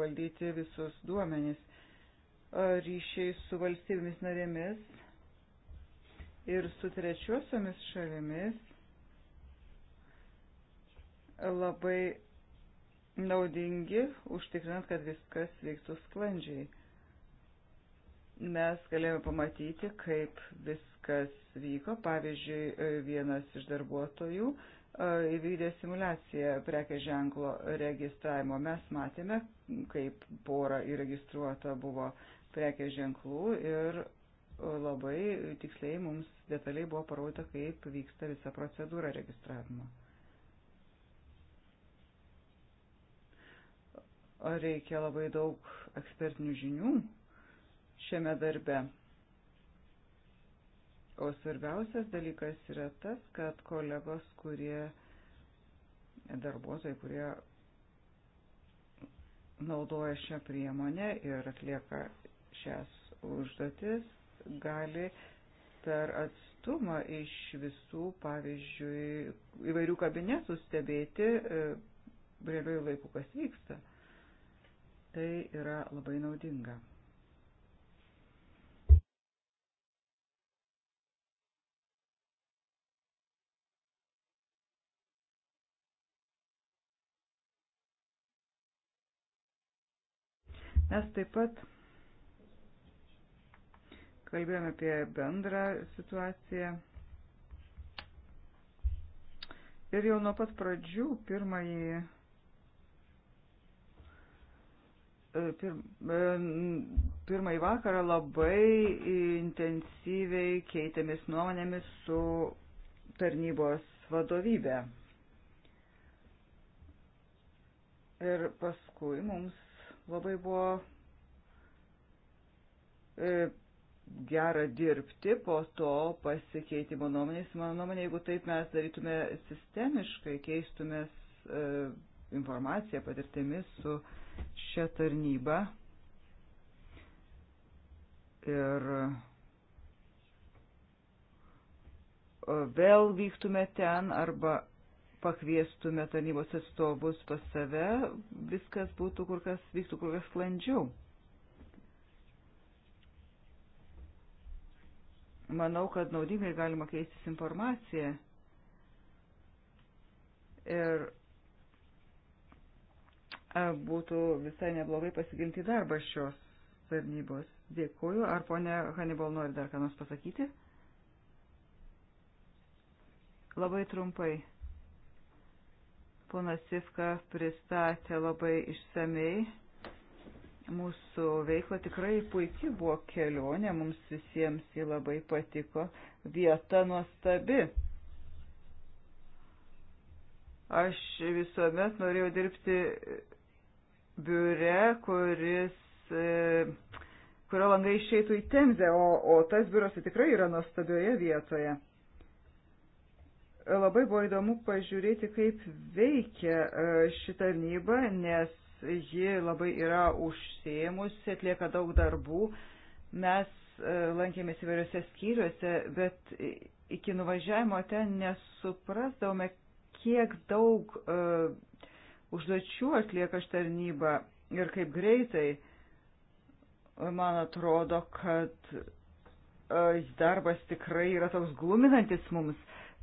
valdyti visus duomenys e, ryšiai su valstybėmis narėmis ir su trečiosiomis šalimis labai naudingi, užtikrinant, kad viskas veiktų sklandžiai mes galėjome pamatyti, kaip viskas vyko. Pavyzdžiui, vienas iš darbuotojų e, įvykdė simulaciją prekės ženklo registravimo. Mes matėme, kaip pora įregistruota buvo prekės ženklų ir labai tiksliai mums detaliai buvo parodyta, kaip vyksta visa procedūra registravimo. Reikia labai daug ekspertinių žinių šiame darbe. O svarbiausias dalykas yra tas, kad kolegos, kurie darbuotojai, kurie naudoja šią priemonę ir atlieka šias užduotis, gali per atstumą iš visų, pavyzdžiui, įvairių kabinetų stebėti e, realiųjų laikų, kas vyksta. Tai yra labai naudinga. Mes taip pat kalbėjome apie bendrą situaciją. Ir jau nuo pat pradžių pirmąjį e, pir, e, pirmąjį vakarą labai intensyviai keitėmis nuomonėmis su tarnybos vadovybė. Ir paskui mums Labai buvo e, gera dirbti po to pasikeitimo nuomonės. Mano nuomonė, jeigu taip mes darytume sistemiškai, keistumės e, informaciją, patirtimis su šia tarnyba. Ir e, vėl vyktume ten arba pakviestume tarnybos atstovus pas save, viskas būtų kur kas, vyktų kur kas sklandžiau. Manau, kad naudingai galima keistis informaciją ir e, būtų visai neblogai pasiginti darbą šios tarnybos. Dėkuoju. Ar ponė Hannibal nori dar ką nors pasakyti? Labai trumpai. Ponas Sifka pristatė labai išsamei mūsų veikla tikrai puikiai buvo kelionė, mums visiems ji labai patiko, vieta nuostabi. Aš visuomet norėjau dirbti biure, kuris, e, kurio langai išeitų į Temzę, o, o tas biuras tikrai yra nuostabioje vietoje. Labai buvo įdomu pažiūrėti, kaip veikia e, ši tarnyba, nes ji labai yra užsėmusi, atlieka daug darbų. Mes e, lankėmės įvairiose skyriuose, bet iki nuvažiavimo ten nesuprasdavome, kiek daug uh, užduočių atlieka štarnyba ir kaip greitai. Man atrodo, kad uh, darbas tikrai yra toks gluminantis mums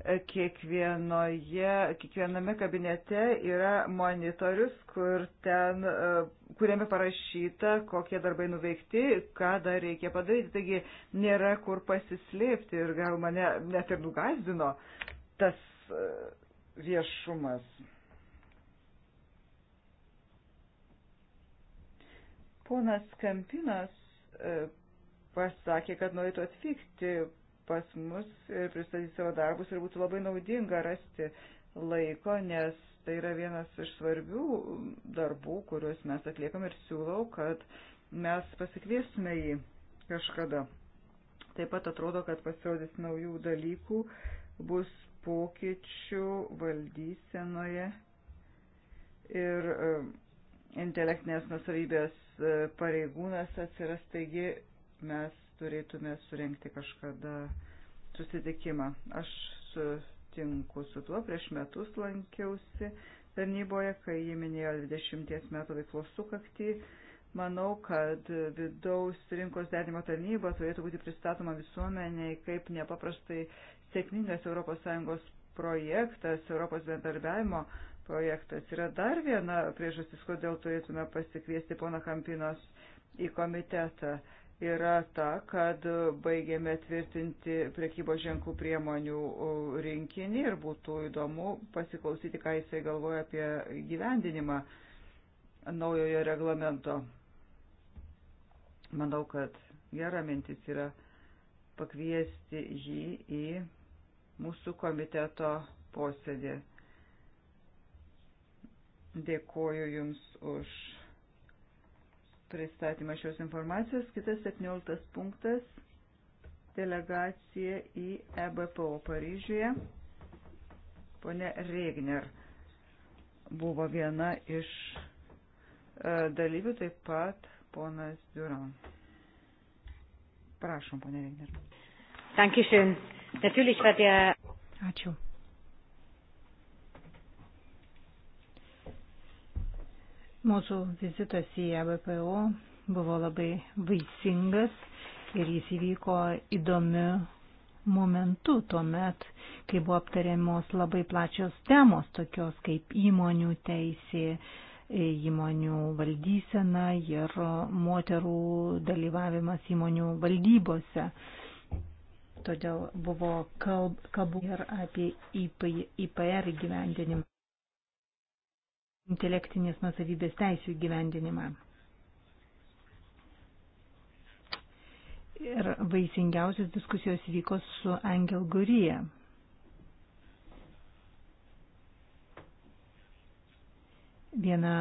kiekvienoje, kiekviename kabinete yra monitorius, kur ten, e, kuriame parašyta, kokie darbai nuveikti, ką dar reikia padaryti. Taigi nėra kur pasislėpti ir gal mane net ir nugazdino tas e, viešumas. Ponas Kampinas e, pasakė, kad norėtų atvykti pas mus ir pristatys savo darbus ir būtų labai naudinga rasti laiko, nes tai yra vienas iš svarbių darbų, kuriuos mes atliekam ir siūlau, kad mes pasikviesime jį kažkada. Taip pat atrodo, kad pasirodys naujų dalykų, bus pokyčių valdysenoje ir e, intelektinės nusavybės e, pareigūnas atsiras, taigi mes turėtume surenkti kažkada susitikimą. Aš sutinku su tuo, prieš metus lankiausi tarnyboje, kai jį minėjo 20 metų veiklos sukaktį. Manau, kad vidaus rinkos derimo tarnyba turėtų būti pristatoma visuomeniai kaip nepaprastai sėkmingas ES projektas, Europos bendarbiavimo projektas. Yra dar viena priežastis, kodėl turėtume pasikviesti poną Kampinos į komitetą. Uh, yra ta, kad baigėme tvirtinti prekybos ženklų priemonių rinkinį ir būtų įdomu pasiklausyti, ką jisai galvoja apie gyvendinimą naujojo reglamento. Manau, kad gera mintis yra pakviesti jį į mūsų komiteto posėdį. Dėkuoju Jums už pristatymą šios informacijos. Kitas 17 punktas - delegacija į EBPO Paryžiuje. Pone Regner buvo viena iš e, dalyvių, taip pat ponas Duran. Prašom, ponė Regner. Dankeschön. Natürlich war der. Ačiū. Mūsų vizitas į ABPO e buvo labai vaisingas ir jis įvyko įdomiu momentu tuo met, kai buvo aptariamos labai plačios temos, tokios kaip įmonių teisė, įmonių valdysena ir moterų dalyvavimas įmonių valdybose. Todėl buvo kalb, kalbų ir apie IPR gyvendinimą intelektinės nusavybės teisų įgyvendinimą. Ir vaisingiausios diskusijos vyko su Angel Gurija. Vieną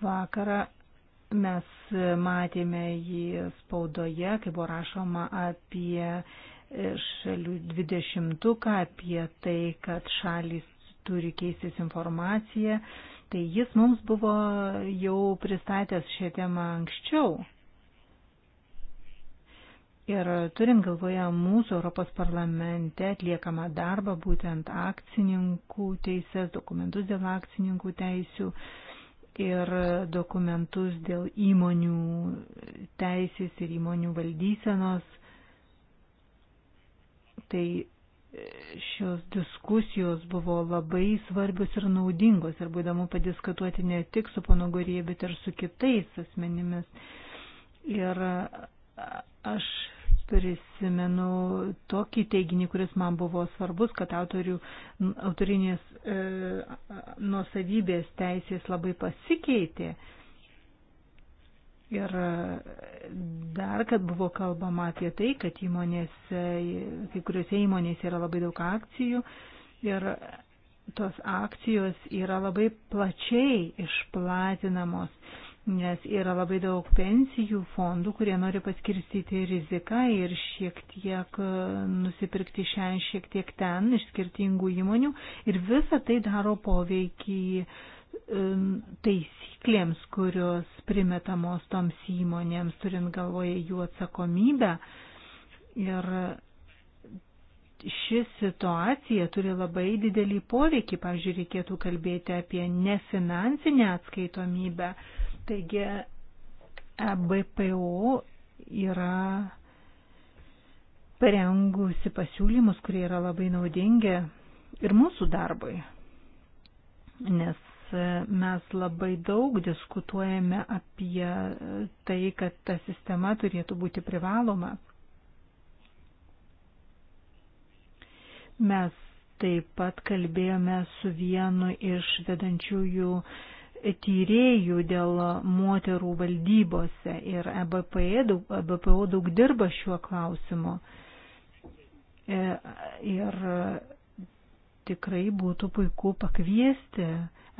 vakarą mes matėme jį spaudoje, kai buvo rašoma apie šalių dvidešimtuką apie tai, kad šalys turi keistis informaciją. Tai jis mums buvo jau pristatęs šią temą anksčiau. Ir turint galvoje mūsų Europos parlamente atliekamą darbą, būtent akcininkų teises, dokumentus dėl akcininkų teisių ir dokumentus dėl įmonių teisės ir įmonių valdysenos, tai e, šios diskusijos buvo labai svarbios ir naudingos ir būdamu padiskutuoti ne tik su ponu Gorija, bet ir su kitais asmenimis. Ir e, aš prisimenu tokį teiginį, kuris man buvo svarbus, kad autorių, autorinės e, nuosavybės teisės labai pasikeitė. E, Ir dar, kad buvo kalbama apie tai, kad įmonėse, kai kuriuose įmonėse yra labai daug akcijų ir tos akcijos yra labai plačiai išplatinamos, nes yra labai daug pensijų fondų, kurie nori paskirstyti riziką ir šiek tiek nusipirkti šiandien, šiek tiek ten iš skirtingų įmonių ir visa tai daro poveikį taisyklėms, kurios primetamos toms įmonėms, turint galvoje jų atsakomybę. Ir ši situacija turi labai didelį poveikį. Pavyzdžiui, reikėtų kalbėti apie nefinansinę atskaitomybę. Taigi, EBPO yra parengusi pasiūlymus, kurie yra labai naudingi ir mūsų darbui. Nes mes labai daug diskutuojame apie tai, kad ta sistema turėtų būti privaloma. Mes taip pat kalbėjome su vienu iš vedančiųjų tyriejų dėl moterų valdybose ir EBPO e e daug dirba šiuo klausimu. E, ir tikrai būtų puiku pakviesti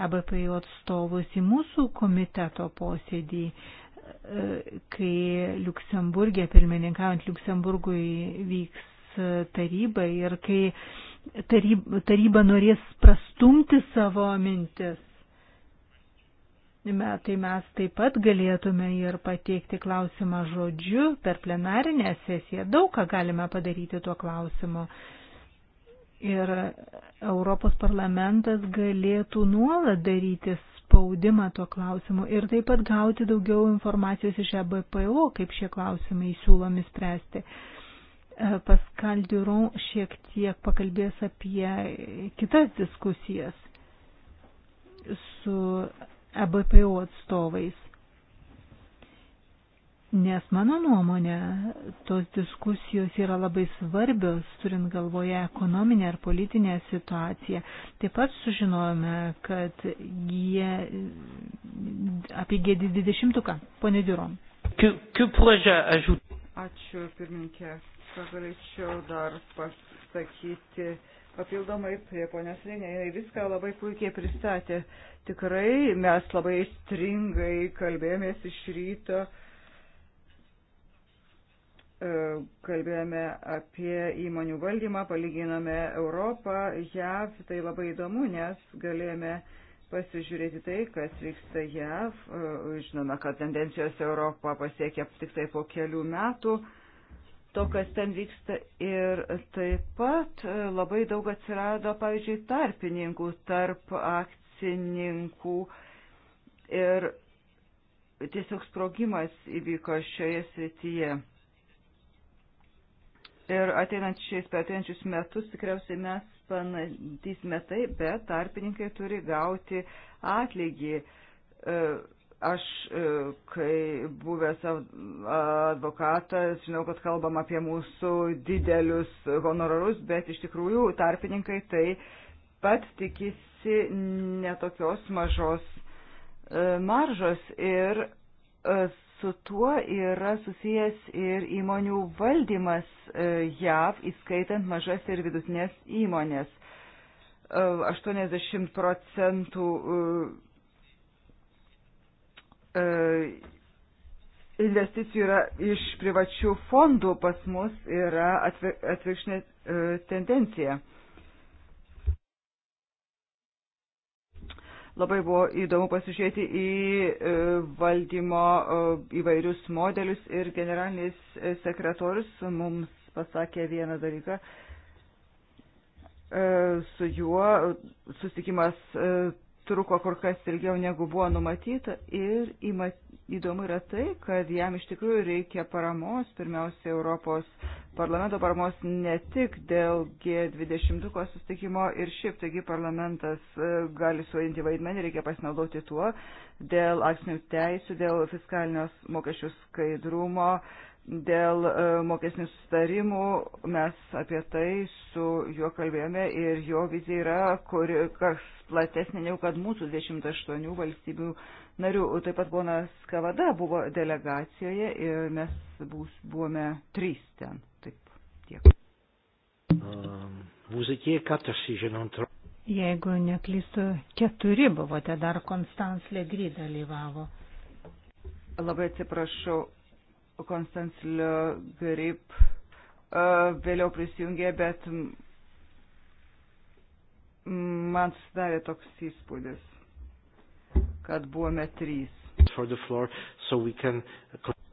ABPO atstovus į mūsų komiteto posėdį, e, kai Luksemburgė, pirmininkaujant Luksemburgui, vyks taryba ir kai taryba, taryba norės prastumti savo mintis. Tai mes taip pat galėtume ir pateikti klausimą žodžiu per plenarinę sesiją. Daug ką galime padaryti tuo klausimu. Ir Europos parlamentas galėtų nuolat daryti spaudimą tuo klausimu ir taip pat gauti daugiau informacijos iš EBPO, kaip šie klausimai siūlomi spręsti. E, Pascal Duron šiek tiek pakalbės apie kitas diskusijas su EBPO atstovais. Nes mano nuomonė, tos diskusijos yra labai svarbios, turint galvoje ekonominę ar politinę situaciją. Taip pat sužinojome, kad jie apie G20. Pone Diurom. Ačiū, pirmininkė. Ką galėčiau dar pasakyti papildomai prie ponios Renė. Viską labai puikiai pristatė. Tikrai mes labai stringai kalbėjomės iš ryto. Uh, E, kalbėjome apie įmonių valdymą, palyginome Europą, JAV, tai labai įdomu, nes galėjome pasižiūrėti tai, kas vyksta JAV. E, žinome, kad tendencijos Europą pasiekia tik tai po kelių metų to, kas ten vyksta ir taip pat e, labai daug atsirado, pavyzdžiui, tarpininkų tarp akcininkų ir tiesiog sprogimas įvyko šioje srityje. Ir ateinančiais per ateinančius metus tikriausiai mes panadysime tai, bet tarpininkai turi gauti atlygį. E, aš, e, kai buvęs advokatas, žinau, kad kalbam apie mūsų didelius honorarus, bet iš tikrųjų tarpininkai tai pat tikisi netokios mažos e, maržos ir su tuo yra susijęs ir įmonių valdymas e, JAV, įskaitant mažas ir vidutinės įmonės. 80 e, procentų e, investicijų yra iš privačių fondų pas mus yra atvirkšnė tendencija. Labai buvo įdomu pasižiūrėti į e, valdymo e, įvairius modelius ir generalinis e, sekretorius mums pasakė vieną dalyką. Su juo susitikimas truko kur kas ilgiau negu buvo numatyta ir įdomu yra tai, kad jam iš tikrųjų reikia paramos, pirmiausia, Europos parlamento paramos ne tik dėl G20 sustikimo ir šiaip, taigi parlamentas e, gali suvaidinti vaidmenį, reikia pasinaudoti tuo dėl aksinių teisų, dėl fiskalinios mokesčių skaidrumo, uh, dėl e, mokesnių sustarimų. Mes apie tai su juo kalbėjome ir jo vizija yra kur kas platesnė negu kad mūsų 28 valstybių narių. Taip pat ponas Kavada buvo delegacijoje ir mes bus, buvome trys ten. Taip, tiek. Um, Jeigu neklystu, keturi buvote, dar Konstans Legry dalyvavo. Labai atsiprašau, Konstantlio Grip e, vėliau prisijungė, bet man susidarė toks įspūdis, kad buvome trys.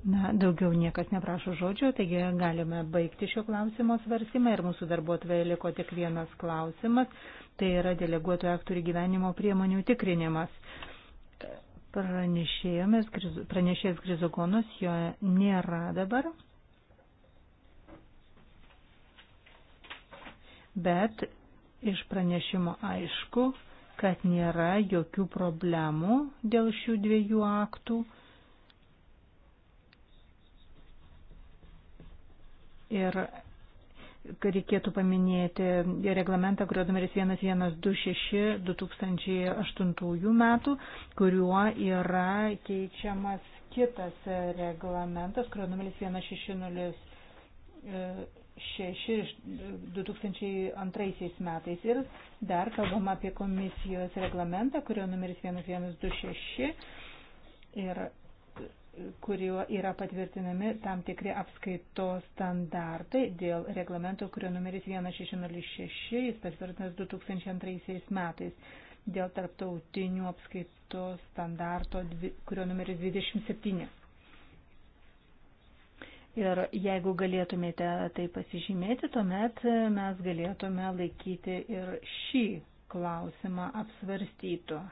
Na, daugiau niekas neprašo žodžio, taigi galime baigti šio klausimo svarsimą ir mūsų darbuotojai liko tik vienas klausimas, tai yra deleguotojų aktorių gyvenimo priemonių tikrinimas pranešėjas Grizogonas, jo nėra dabar. Bet iš pranešimo aišku, kad nėra jokių problemų dėl šių dviejų aktų. Ir kad reikėtų paminėti reglamentą, kurio numeris 1126-2008 metų, kuriuo yra keičiamas kitas reglamentas, kurio numeris 1606-2002 metais. Ir dar kalbam apie komisijos reglamentą, kurio numeris 1126 ir kuriuo yra patvirtinami tam tikri apskaitos standartai dėl reglamento, kurio numeris 1606, jis patvirtinas 2002 metais, dėl tarptautinių apskaitos standarto, kurio numeris 27. Ir jeigu galėtumėte tai pasižymėti, tuomet mes galėtume laikyti ir šį klausimą apsvarstytų.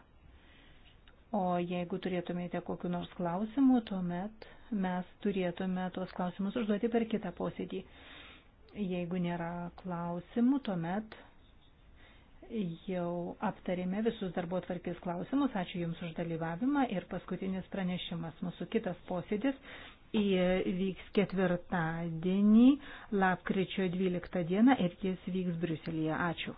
O jeigu turėtumėte kokiu nors klausimu, tuomet mes turėtume tuos klausimus užduoti per kitą posėdį. Jeigu nėra klausimų, tuomet jau aptarėme visus darbo tvarkės klausimus. Ačiū Jums už dalyvavimą ir paskutinis pranešimas. Mūsų kitas posėdis vyks ketvirtadienį, lapkričio 12 dieną ir jis vyks Briuselėje. Ačiū.